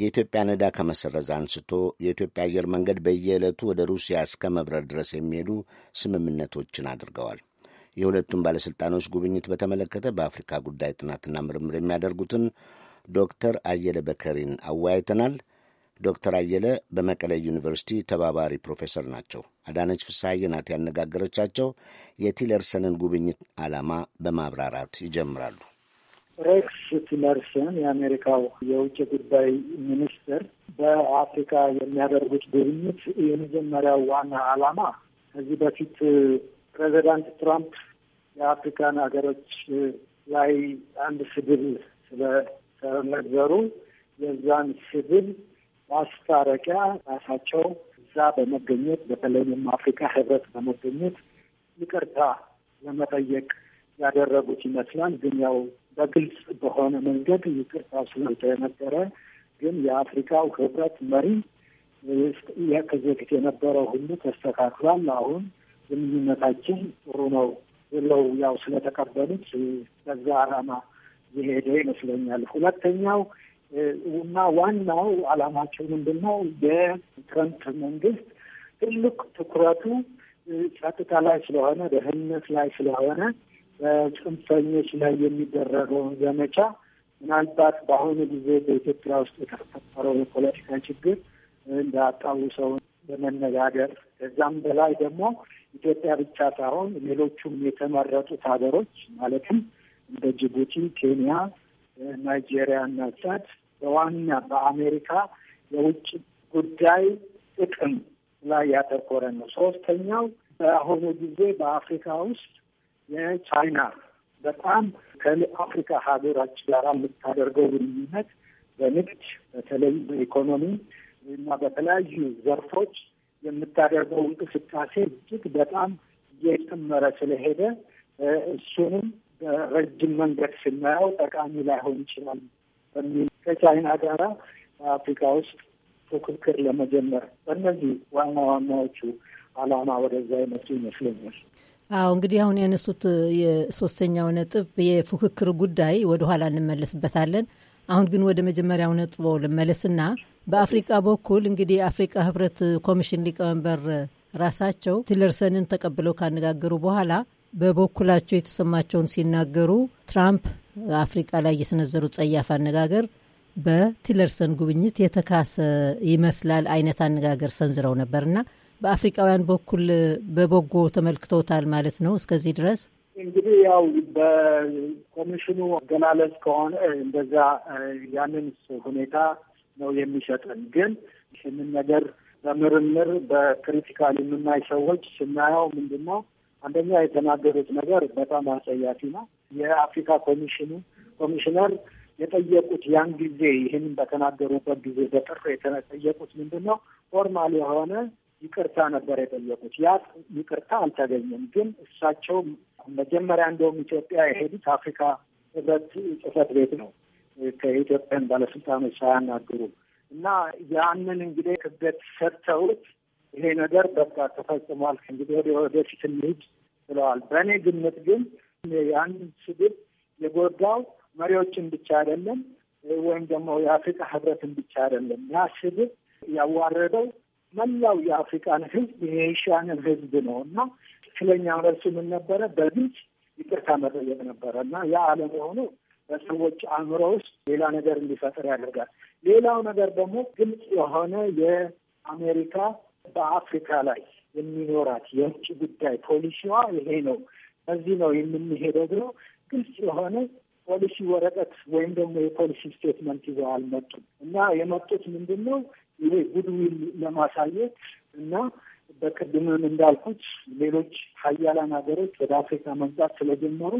የኢትዮጵያ ነዳ ከመሰረዝ አንስቶ የኢትዮጵያ አየር መንገድ በየዕለቱ ወደ ሩሲያ እስከ መብረር ድረስ የሚሄዱ ስምምነቶችን አድርገዋል። የሁለቱም ባለሥልጣኖች ጉብኝት በተመለከተ በአፍሪካ ጉዳይ ጥናትና ምርምር የሚያደርጉትን ዶክተር አየለ በከሪን አወያይተናል። ዶክተር አየለ በመቀለ ዩኒቨርሲቲ ተባባሪ ፕሮፌሰር ናቸው። አዳነች ፍስሐዬ ናት ያነጋገረቻቸው። የቲለርሰንን ጉብኝት ዓላማ በማብራራት ይጀምራሉ። ሬክስ ቲለርሰን የአሜሪካው የውጭ ጉዳይ ሚኒስትር በአፍሪካ የሚያደርጉት ጉብኝት የመጀመሪያው ዋና ዓላማ ከዚህ በፊት ፕሬዚዳንት ትራምፕ የአፍሪካን ሀገሮች ላይ አንድ ስድብ ስለተነገሩ የዛን ስድብ ማስታረቂያ ራሳቸው እዛ በመገኘት በተለይም አፍሪካ ህብረት በመገኘት ይቅርታ ለመጠየቅ ያደረጉት ይመስላል። ግን ያው በግልጽ በሆነ መንገድ ይቅርታ የነበረ ግን የአፍሪካው ህብረት መሪ ከዚህ በፊት የነበረው ሁሉ ተስተካክሏል። አሁን ግንኙነታችን ጥሩ ነው ብለው ያው ስለተቀበሉት በዛ አላማ የሄደ ይመስለኛል። ሁለተኛው እና ዋናው አላማቸው ምንድን ነው? የትረምፕ መንግስት ትልቅ ትኩረቱ ጸጥታ ላይ ስለሆነ፣ ደህንነት ላይ ስለሆነ በጭንፈኞች ላይ የሚደረገውን ዘመቻ ምናልባት በአሁኑ ጊዜ በኢትዮጵያ ውስጥ የተፈጠረው የፖለቲካ ችግር እንዳያጣውሰው በመነጋገር ከዛም በላይ ደግሞ ኢትዮጵያ ብቻ ሳይሆን ሌሎቹም የተመረጡት ሀገሮች ማለትም እንደ ጅቡቲ፣ ኬንያ፣ ናይጄሪያ እና ቻድ በዋና በአሜሪካ የውጭ ጉዳይ ጥቅም ላይ ያተኮረ ነው። ሶስተኛው በአሁኑ ጊዜ በአፍሪካ ውስጥ የቻይና በጣም ከአፍሪካ ሀገሮች ጋር የምታደርገው ግንኙነት በንግድ በተለይ በኢኮኖሚ እና በተለያዩ ዘርፎች የምታደርገው እንቅስቃሴ እጅግ በጣም እየጨመረ ስለሄደ እሱንም በረጅም መንገድ ስናየው ጠቃሚ ላይሆን ይችላል በሚል ከቻይና ጋራ በአፍሪካ ውስጥ ፉክክር ለመጀመር በእነዚህ ዋና ዋናዎቹ ዓላማ ወደዛ የመጡ ይመስለኛል። አዎ እንግዲህ አሁን ያነሱት የሶስተኛው ነጥብ የፉክክር ጉዳይ ወደ ኋላ እንመለስበታለን። አሁን ግን ወደ መጀመሪያው ነጥቦ ልመለስና በአፍሪቃ በኩል እንግዲህ የአፍሪቃ ህብረት ኮሚሽን ሊቀመንበር ራሳቸው ቲለርሰንን ተቀብለው ካነጋገሩ በኋላ በበኩላቸው የተሰማቸውን ሲናገሩ ትራምፕ አፍሪቃ ላይ የሰነዘሩ ጸያፍ አነጋገር በቲለርሰን ጉብኝት የተካሰ ይመስላል አይነት አነጋገር ሰንዝረው ነበርና በአፍሪካውያን በኩል በበጎ ተመልክተውታል ማለት ነው እስከዚህ ድረስ? እንግዲህ ያው በኮሚሽኑ አገላለጽ ከሆነ እንደዛ ያንን ሁኔታ ነው የሚሰጠን። ግን ይህንን ነገር በምርምር በክሪቲካል የምናይ ሰዎች ስናየው ምንድን ነው አንደኛ የተናገሩት ነገር በጣም አጸያፊ ነው። የአፍሪካ ኮሚሽኑ ኮሚሽነር የጠየቁት ያን ጊዜ ይህንን በተናገሩበት ጊዜ በጥር የተጠየቁት ምንድን ነው ፎርማል የሆነ ይቅርታ ነበር የጠየቁት። ያ ይቅርታ አልተገኘም። ግን እሳቸው መጀመሪያ እንደውም ኢትዮጵያ የሄዱት አፍሪካ ህብረት ጽህፈት ቤት ነው ከኢትዮጵያን ባለስልጣኖች ሳያናግሩ እና ያንን እንግዲህ ክብደት ሰጥተውት ይሄ ነገር በቃ ተፈጽሟል፣ እንግዲህ ወደ ወደፊት እንሂድ ብለዋል። በእኔ ግምት ግን ያንን ስድብ የጎዳው መሪዎችን ብቻ አይደለም፣ ወይም ደግሞ የአፍሪካ ህብረትን ብቻ አይደለም። ያ ስድብ ያዋረደው መላው የአፍሪካን ህዝብ የኤሽያንን ህዝብ ነው እና ትክክለኛ መልሱ ምን ነበረ? በግልጽ ይቅርታ መጠየቅ ነበረ እና ያ አለመሆኑ በሰዎች አእምሮ ውስጥ ሌላ ነገር እንዲፈጠር ያደርጋል። ሌላው ነገር ደግሞ ግልጽ የሆነ የአሜሪካ በአፍሪካ ላይ የሚኖራት የውጭ ጉዳይ ፖሊሲዋ ይሄ ነው፣ በዚህ ነው የምንሄደው ብሎ ግልጽ የሆነ ፖሊሲ ወረቀት ወይም ደግሞ የፖሊሲ ስቴትመንት ይዘው አልመጡም እና የመጡት ምንድን ነው ይሄ ጉድዊል ለማሳየት እና በቅድምም እንዳልኩት ሌሎች ሀያላን ሀገሮች ወደ አፍሪካ መምጣት ስለጀመሩ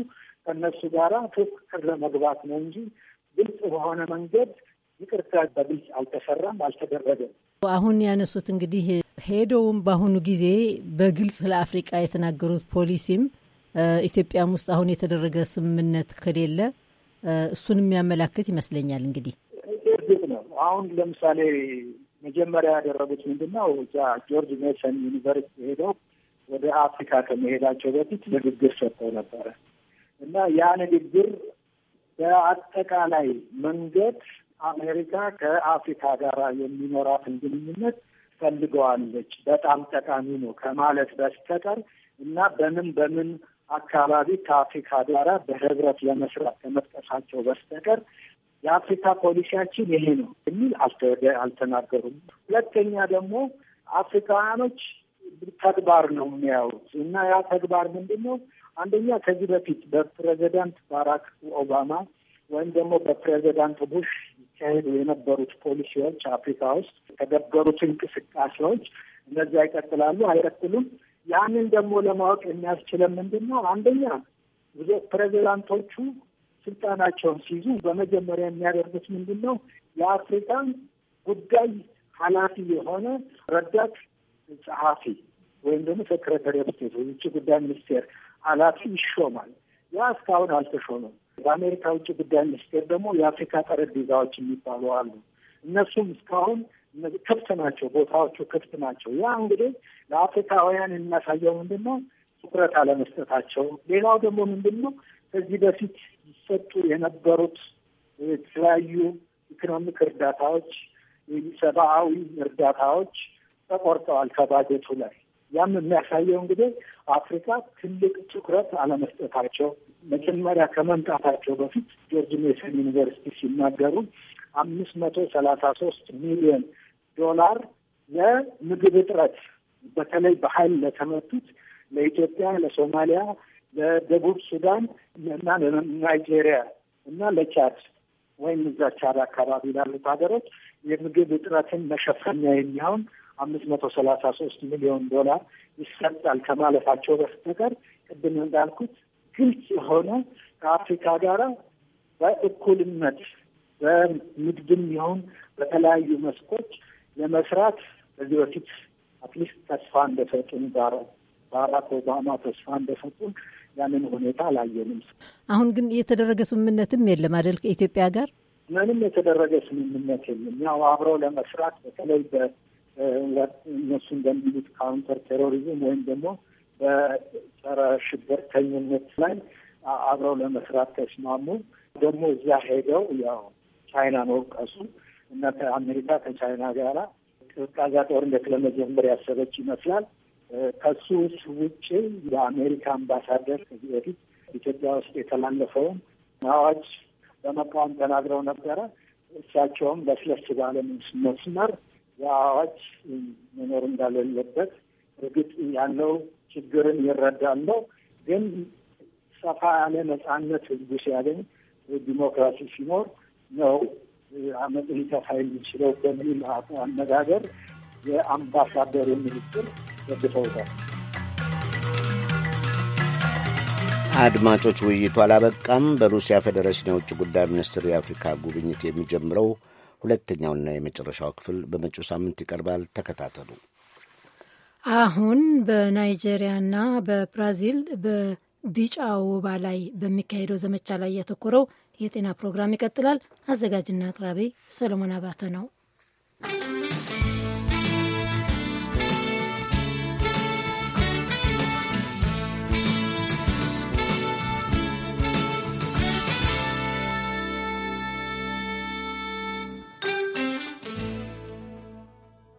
ከእነሱ ጋር ትክክር ለመግባት ነው እንጂ ግልጽ በሆነ መንገድ ይቅርታ በግልጽ አልተሰራም፣ አልተደረገም። አሁን ያነሱት እንግዲህ ሄደውም በአሁኑ ጊዜ በግልጽ ለአፍሪቃ የተናገሩት ፖሊሲም ኢትዮጵያም ውስጥ አሁን የተደረገ ስምምነት ከሌለ እሱን የሚያመላክት ይመስለኛል። እንግዲህ እርግጥ ነው አሁን ለምሳሌ መጀመሪያ ያደረጉት ምንድን ነው? እዛ ጆርጅ ሜሰን ዩኒቨርሲቲ ሄደው ወደ አፍሪካ ከመሄዳቸው በፊት ንግግር ሰጥተው ነበረ እና ያ ንግግር በአጠቃላይ መንገድ አሜሪካ ከአፍሪካ ጋር የሚኖራትን ግንኙነት ፈልገዋለች፣ በጣም ጠቃሚ ነው ከማለት በስተቀር እና በምን በምን አካባቢ ከአፍሪካ ጋራ በህብረት ለመስራት ከመጥቀሳቸው በስተቀር የአፍሪካ ፖሊሲያችን ይሄ ነው የሚል አልተናገሩም። ሁለተኛ ደግሞ አፍሪካውያኖች ተግባር ነው የሚያዩት እና ያ ተግባር ምንድን ነው? አንደኛ ከዚህ በፊት በፕሬዚዳንት ባራክ ኦባማ ወይም ደግሞ በፕሬዚዳንት ቡሽ ይካሄዱ የነበሩት ፖሊሲዎች አፍሪካ ውስጥ የተገበሩት እንቅስቃሴዎች እነዚያ ይቀጥላሉ አይቀጥሉም? ያንን ደግሞ ለማወቅ የሚያስችለን ምንድን ነው? አንደኛ ፕሬዚዳንቶቹ ስልጣናቸውን ሲይዙ በመጀመሪያ የሚያደርጉት ምንድን ነው? የአፍሪካን ጉዳይ ኃላፊ የሆነ ረዳት ጸሐፊ ወይም ደግሞ ሴክሬታሪ ኦፍ ስቴት የውጭ ጉዳይ ሚኒስቴር ኃላፊ ይሾማል። ያ እስካሁን አልተሾመም። በአሜሪካ ውጭ ጉዳይ ሚኒስቴር ደግሞ የአፍሪካ ጠረጴዛዎች የሚባሉ አሉ። እነሱም እስካሁን ክፍት ናቸው፣ ቦታዎቹ ክፍት ናቸው። ያ እንግዲህ ለአፍሪካውያን የሚያሳየው ምንድን ነው? ትኩረት አለመስጠታቸው። ሌላው ደግሞ ምንድን ነው ከዚህ በፊት ይሰጡ የነበሩት የተለያዩ ኢኮኖሚክ እርዳታዎች፣ ሰብአዊ እርዳታዎች ተቆርጠዋል ከባጀቱ ላይ። ያም የሚያሳየው እንግዲህ አፍሪካ ትልቅ ትኩረት አለመስጠታቸው። መጀመሪያ ከመምጣታቸው በፊት ጆርጅ ሜሰን ዩኒቨርሲቲ ሲናገሩ አምስት መቶ ሰላሳ ሶስት ሚሊዮን ዶላር ለምግብ እጥረት በተለይ በኃይል ለተመቱት ለኢትዮጵያ፣ ለሶማሊያ፣ ለደቡብ ሱዳን እና ለናይጄሪያ እና ለቻድ ወይም እዛ ቻድ አካባቢ ላሉት ሀገሮች የምግብ እጥረትን መሸፈኛ የሚሆን አምስት መቶ ሰላሳ ሶስት ሚሊዮን ዶላር ይሰጣል ከማለፋቸው በስተቀር ቅድም እንዳልኩት ግልጽ የሆነ ከአፍሪካ ጋር በእኩልነት በንግድም ይሁን በተለያዩ መስኮች ለመስራት ከዚህ በፊት አትሊስት ተስፋ እንደሰጡን ባራክ ኦባማ ተስፋ እንደሰጡን ያንን ሁኔታ አላየንም። አሁን ግን የተደረገ ስምምነትም የለም አደል? ከኢትዮጵያ ጋር ምንም የተደረገ ስምምነት የለም። ያው አብረው ለመስራት በተለይ እነሱ እንደሚሉት ካውንተር ቴሮሪዝም ወይም ደግሞ በጸረ ሽብርተኝነት ላይ አብረው ለመስራት ተስማሙ። ደግሞ እዚያ ሄደው ያው ቻይናን ወቀሱ እና ከአሜሪካ ከቻይና ጋራ ቀዝቃዛ ጦርነት ለመጀመር ያሰበች ይመስላል። ከሱ ውጭ የአሜሪካ አምባሳደር ከዚህ በፊት ኢትዮጵያ ውስጥ የተላለፈውን አዋጅ በመቃወም ተናግረው ነበረ። እሳቸውም ለስለስ ባለ መስመር የአዋጅ መኖር እንዳለለበት እርግጥ ያለው ችግርን ይረዳለው፣ ግን ሰፋ ያለ ነጻነት ህዝቡ ሲያገኝ ዲሞክራሲ ሲኖር ነው አመፅ ሊተፋ የሚችለው በሚል አነጋገር የአምባሳደር ሚኒስትር ደግፈውታል። አድማጮች፣ ውይይቱ አላበቃም። በሩሲያ ፌዴሬሽን የውጭ ጉዳይ ሚኒስትር የአፍሪካ ጉብኝት የሚጀምረው ሁለተኛውና የመጨረሻው ክፍል በመጪው ሳምንት ይቀርባል። ተከታተሉ። አሁን በናይጄሪያና በብራዚል በቢጫ ወባ ላይ በሚካሄደው ዘመቻ ላይ ያተኮረው የጤና ፕሮግራም ይቀጥላል። አዘጋጅና አቅራቢ ሰለሞን አባተ ነው።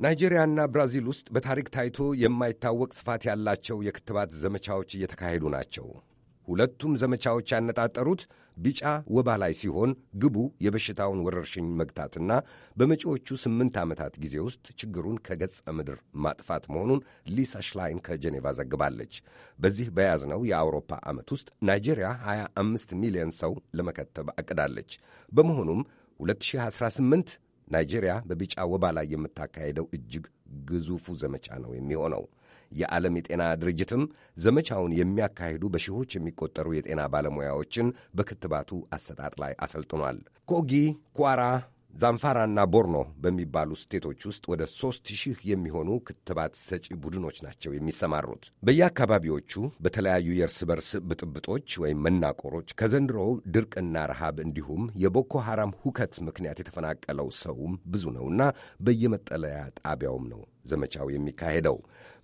ናይጄሪያና ብራዚል ውስጥ በታሪክ ታይቶ የማይታወቅ ስፋት ያላቸው የክትባት ዘመቻዎች እየተካሄዱ ናቸው። ሁለቱም ዘመቻዎች ያነጣጠሩት ቢጫ ወባ ላይ ሲሆን ግቡ የበሽታውን ወረርሽኝ መግታትና በመጪዎቹ ስምንት ዓመታት ጊዜ ውስጥ ችግሩን ከገጸ ምድር ማጥፋት መሆኑን ሊሳ ሽላይን ከጄኔቫ ዘግባለች። በዚህ በያዝነው የአውሮፓ ዓመት ውስጥ ናይጄሪያ 25 ሚሊዮን ሰው ለመከተብ አቅዳለች። በመሆኑም 2018 ናይጄሪያ በቢጫ ወባ ላይ የምታካሄደው እጅግ ግዙፉ ዘመቻ ነው የሚሆነው። የዓለም የጤና ድርጅትም ዘመቻውን የሚያካሂዱ በሺዎች የሚቆጠሩ የጤና ባለሙያዎችን በክትባቱ አሰጣጥ ላይ አሰልጥኗል። ኮጊ፣ ኳራ፣ ዛንፋራና ቦርኖ በሚባሉ ስቴቶች ውስጥ ወደ ሦስት ሺህ የሚሆኑ ክትባት ሰጪ ቡድኖች ናቸው የሚሰማሩት። በየአካባቢዎቹ በተለያዩ የእርስ በርስ ብጥብጦች ወይም መናቆሮች ከዘንድሮው ድርቅና ረሃብ እንዲሁም የቦኮ ሐራም ሁከት ምክንያት የተፈናቀለው ሰውም ብዙ ነውና በየመጠለያ ጣቢያውም ነው ዘመቻው የሚካሄደው።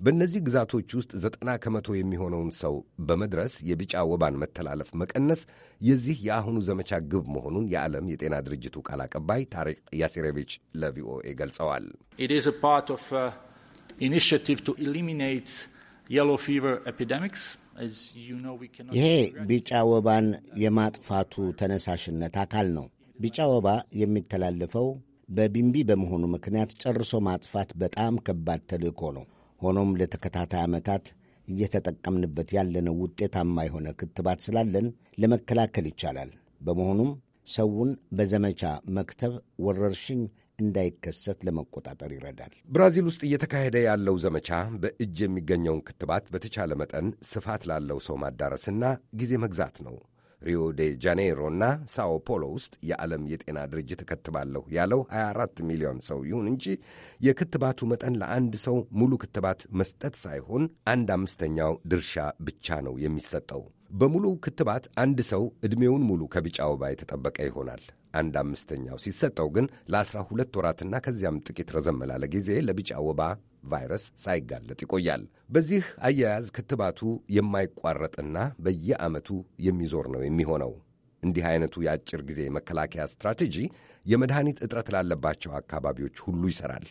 በእነዚህ ግዛቶች ውስጥ ዘጠና ከመቶ የሚሆነውን ሰው በመድረስ የቢጫ ወባን መተላለፍ መቀነስ የዚህ የአሁኑ ዘመቻ ግብ መሆኑን የዓለም የጤና ድርጅቱ ቃል አቀባይ ታሪክ ያሴሬቪች ለቪኦኤ ገልጸዋል። uh, ይሄ ቢጫ ወባን የማጥፋቱ ተነሳሽነት አካል ነው። ቢጫ ወባ የሚተላለፈው በቢምቢ በመሆኑ ምክንያት ጨርሶ ማጥፋት በጣም ከባድ ተልእኮ ነው። ሆኖም ለተከታታይ ዓመታት እየተጠቀምንበት ያለነው ውጤታማ የሆነ ክትባት ስላለን ለመከላከል ይቻላል። በመሆኑም ሰውን በዘመቻ መክተብ ወረርሽኝ እንዳይከሰት ለመቆጣጠር ይረዳል። ብራዚል ውስጥ እየተካሄደ ያለው ዘመቻ በእጅ የሚገኘውን ክትባት በተቻለ መጠን ስፋት ላለው ሰው ማዳረስና ጊዜ መግዛት ነው። ሪዮ ዴ እና ሳኦ ፖሎ ውስጥ የዓለም የጤና ድርጅት እከትባለሁ ያለው 24 ሚሊዮን ሰው ይሁን እንጂ የክትባቱ መጠን ለአንድ ሰው ሙሉ ክትባት መስጠት ሳይሆን አንድ አምስተኛው ድርሻ ብቻ ነው የሚሰጠው። በሙሉ ክትባት አንድ ሰው ዕድሜውን ሙሉ ከቢጫ ወባ የተጠበቀ ይሆናል። አንድ አምስተኛው ሲሰጠው ግን ለአስራ ሁለት ወራትና ከዚያም ጥቂት ረዘም ላለ ጊዜ ለቢጫ ወባ ቫይረስ ሳይጋለጥ ይቆያል። በዚህ አያያዝ ክትባቱ የማይቋረጥና በየዓመቱ የሚዞር ነው የሚሆነው። እንዲህ አይነቱ የአጭር ጊዜ መከላከያ ስትራቴጂ የመድኃኒት እጥረት ላለባቸው አካባቢዎች ሁሉ ይሠራል።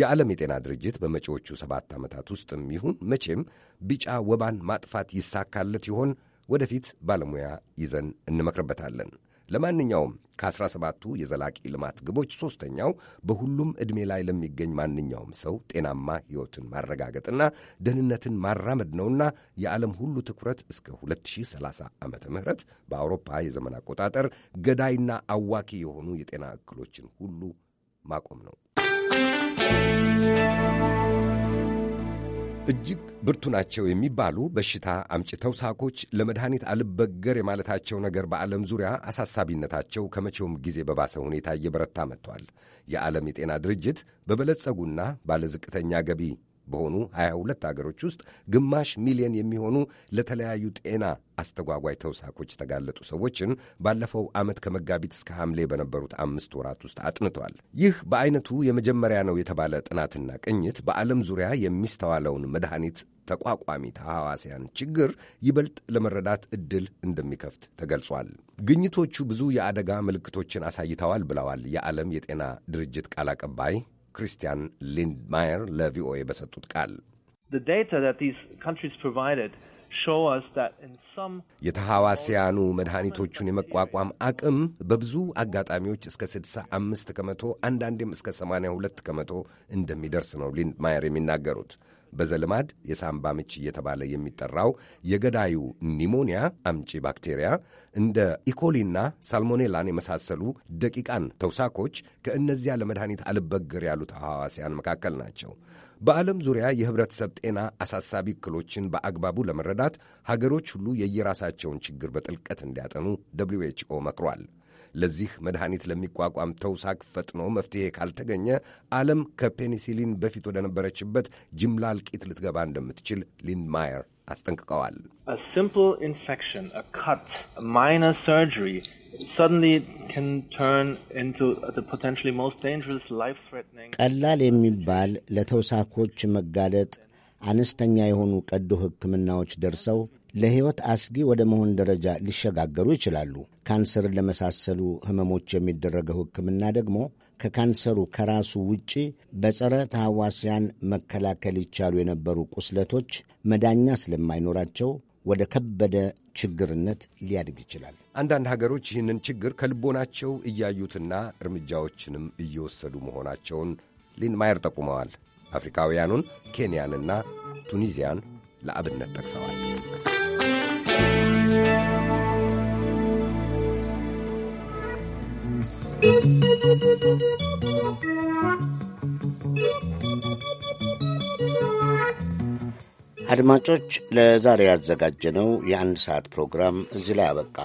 የዓለም የጤና ድርጅት በመጪዎቹ ሰባት ዓመታት ውስጥም ይሁን መቼም ቢጫ ወባን ማጥፋት ይሳካለት ይሆን? ወደፊት ባለሙያ ይዘን እንመክርበታለን። ለማንኛውም ከአስራ ሰባቱ የዘላቂ ልማት ግቦች ሦስተኛው በሁሉም ዕድሜ ላይ ለሚገኝ ማንኛውም ሰው ጤናማ ሕይወትን ማረጋገጥና ደህንነትን ማራመድ ነውና የዓለም ሁሉ ትኩረት እስከ 2030 ዓመተ ምህረት በአውሮፓ የዘመን አቆጣጠር ገዳይና አዋኪ የሆኑ የጤና እክሎችን ሁሉ ማቆም ነው። እጅግ ብርቱ ናቸው የሚባሉ በሽታ አምጪ ተውሳኮች ለመድኃኒት አልበገር የማለታቸው ነገር በዓለም ዙሪያ አሳሳቢነታቸው ከመቼውም ጊዜ በባሰ ሁኔታ እየበረታ መጥቷል። የዓለም የጤና ድርጅት በበለጸጉና ባለዝቅተኛ ገቢ በሆኑ 22 አገሮች ውስጥ ግማሽ ሚሊዮን የሚሆኑ ለተለያዩ ጤና አስተጓጓይ ተውሳኮች የተጋለጡ ሰዎችን ባለፈው ዓመት ከመጋቢት እስከ ሐምሌ በነበሩት አምስት ወራት ውስጥ አጥንቷል። ይህ በአይነቱ የመጀመሪያ ነው የተባለ ጥናትና ቅኝት በዓለም ዙሪያ የሚስተዋለውን መድኃኒት ተቋቋሚ ተሐዋስያን ችግር ይበልጥ ለመረዳት ዕድል እንደሚከፍት ተገልጿል። ግኝቶቹ ብዙ የአደጋ ምልክቶችን አሳይተዋል ብለዋል የዓለም የጤና ድርጅት ቃል አቀባይ ክሪስቲያን ሊንድማየር ለቪኦኤ በሰጡት ቃል የተሐዋስያኑ መድኃኒቶቹን የመቋቋም አቅም በብዙ አጋጣሚዎች እስከ 65 ከመቶ አንዳንዴም እስከ 82 ከመቶ እንደሚደርስ ነው ሊንድማየር የሚናገሩት። በዘልማድ የሳምባ ምች እየተባለ የሚጠራው የገዳዩ ኒሞኒያ አምጪ ባክቴሪያ እንደ ኢኮሊና ሳልሞኔላን የመሳሰሉ ደቂቃን ተውሳኮች ከእነዚያ ለመድኃኒት አልበግር ያሉት አሐዋስያን መካከል ናቸው። በዓለም ዙሪያ የህብረተሰብ ጤና አሳሳቢ እክሎችን በአግባቡ ለመረዳት ሀገሮች ሁሉ የየራሳቸውን ችግር በጥልቀት እንዲያጠኑ ደብሊው ኤች ኦ መክሯል። ለዚህ መድኃኒት ለሚቋቋም ተውሳክ ፈጥኖ መፍትሄ ካልተገኘ ዓለም ከፔኒሲሊን በፊት ወደነበረችበት ጅምላ እልቂት ልትገባ እንደምትችል ሊንማየር አስጠንቅቀዋል። ቀላል የሚባል ለተውሳኮች መጋለጥ አነስተኛ የሆኑ ቀዶ ሕክምናዎች ደርሰው ለሕይወት አስጊ ወደ መሆን ደረጃ ሊሸጋገሩ ይችላሉ። ካንሰርን ለመሳሰሉ ህመሞች የሚደረገው ሕክምና ደግሞ ከካንሰሩ ከራሱ ውጪ በጸረ ተሐዋስያን መከላከል ይቻሉ የነበሩ ቁስለቶች መዳኛ ስለማይኖራቸው ወደ ከበደ ችግርነት ሊያድግ ይችላል። አንዳንድ ሀገሮች ይህንን ችግር ከልቦናቸው እያዩትና እርምጃዎችንም እየወሰዱ መሆናቸውን ሊንማየር ጠቁመዋል። አፍሪካውያኑን ኬንያንና ቱኒዚያን ለአብነት ጠቅሰዋል። አድማጮች፣ ለዛሬ ያዘጋጀነው የአንድ ሰዓት ፕሮግራም እዚህ ላይ አበቃ።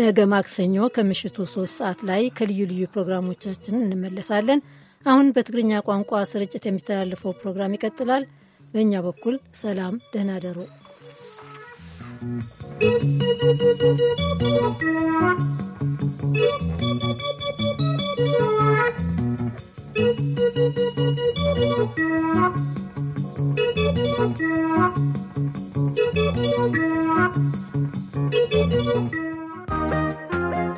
ነገ ማክሰኞ ከምሽቱ ሶስት ሰዓት ላይ ከልዩ ልዩ ፕሮግራሞቻችን እንመለሳለን። አሁን በትግርኛ ቋንቋ ስርጭት የሚተላለፈው ፕሮግራም ይቀጥላል። በእኛ በኩል ሰላም፣ ደህና ደሩ።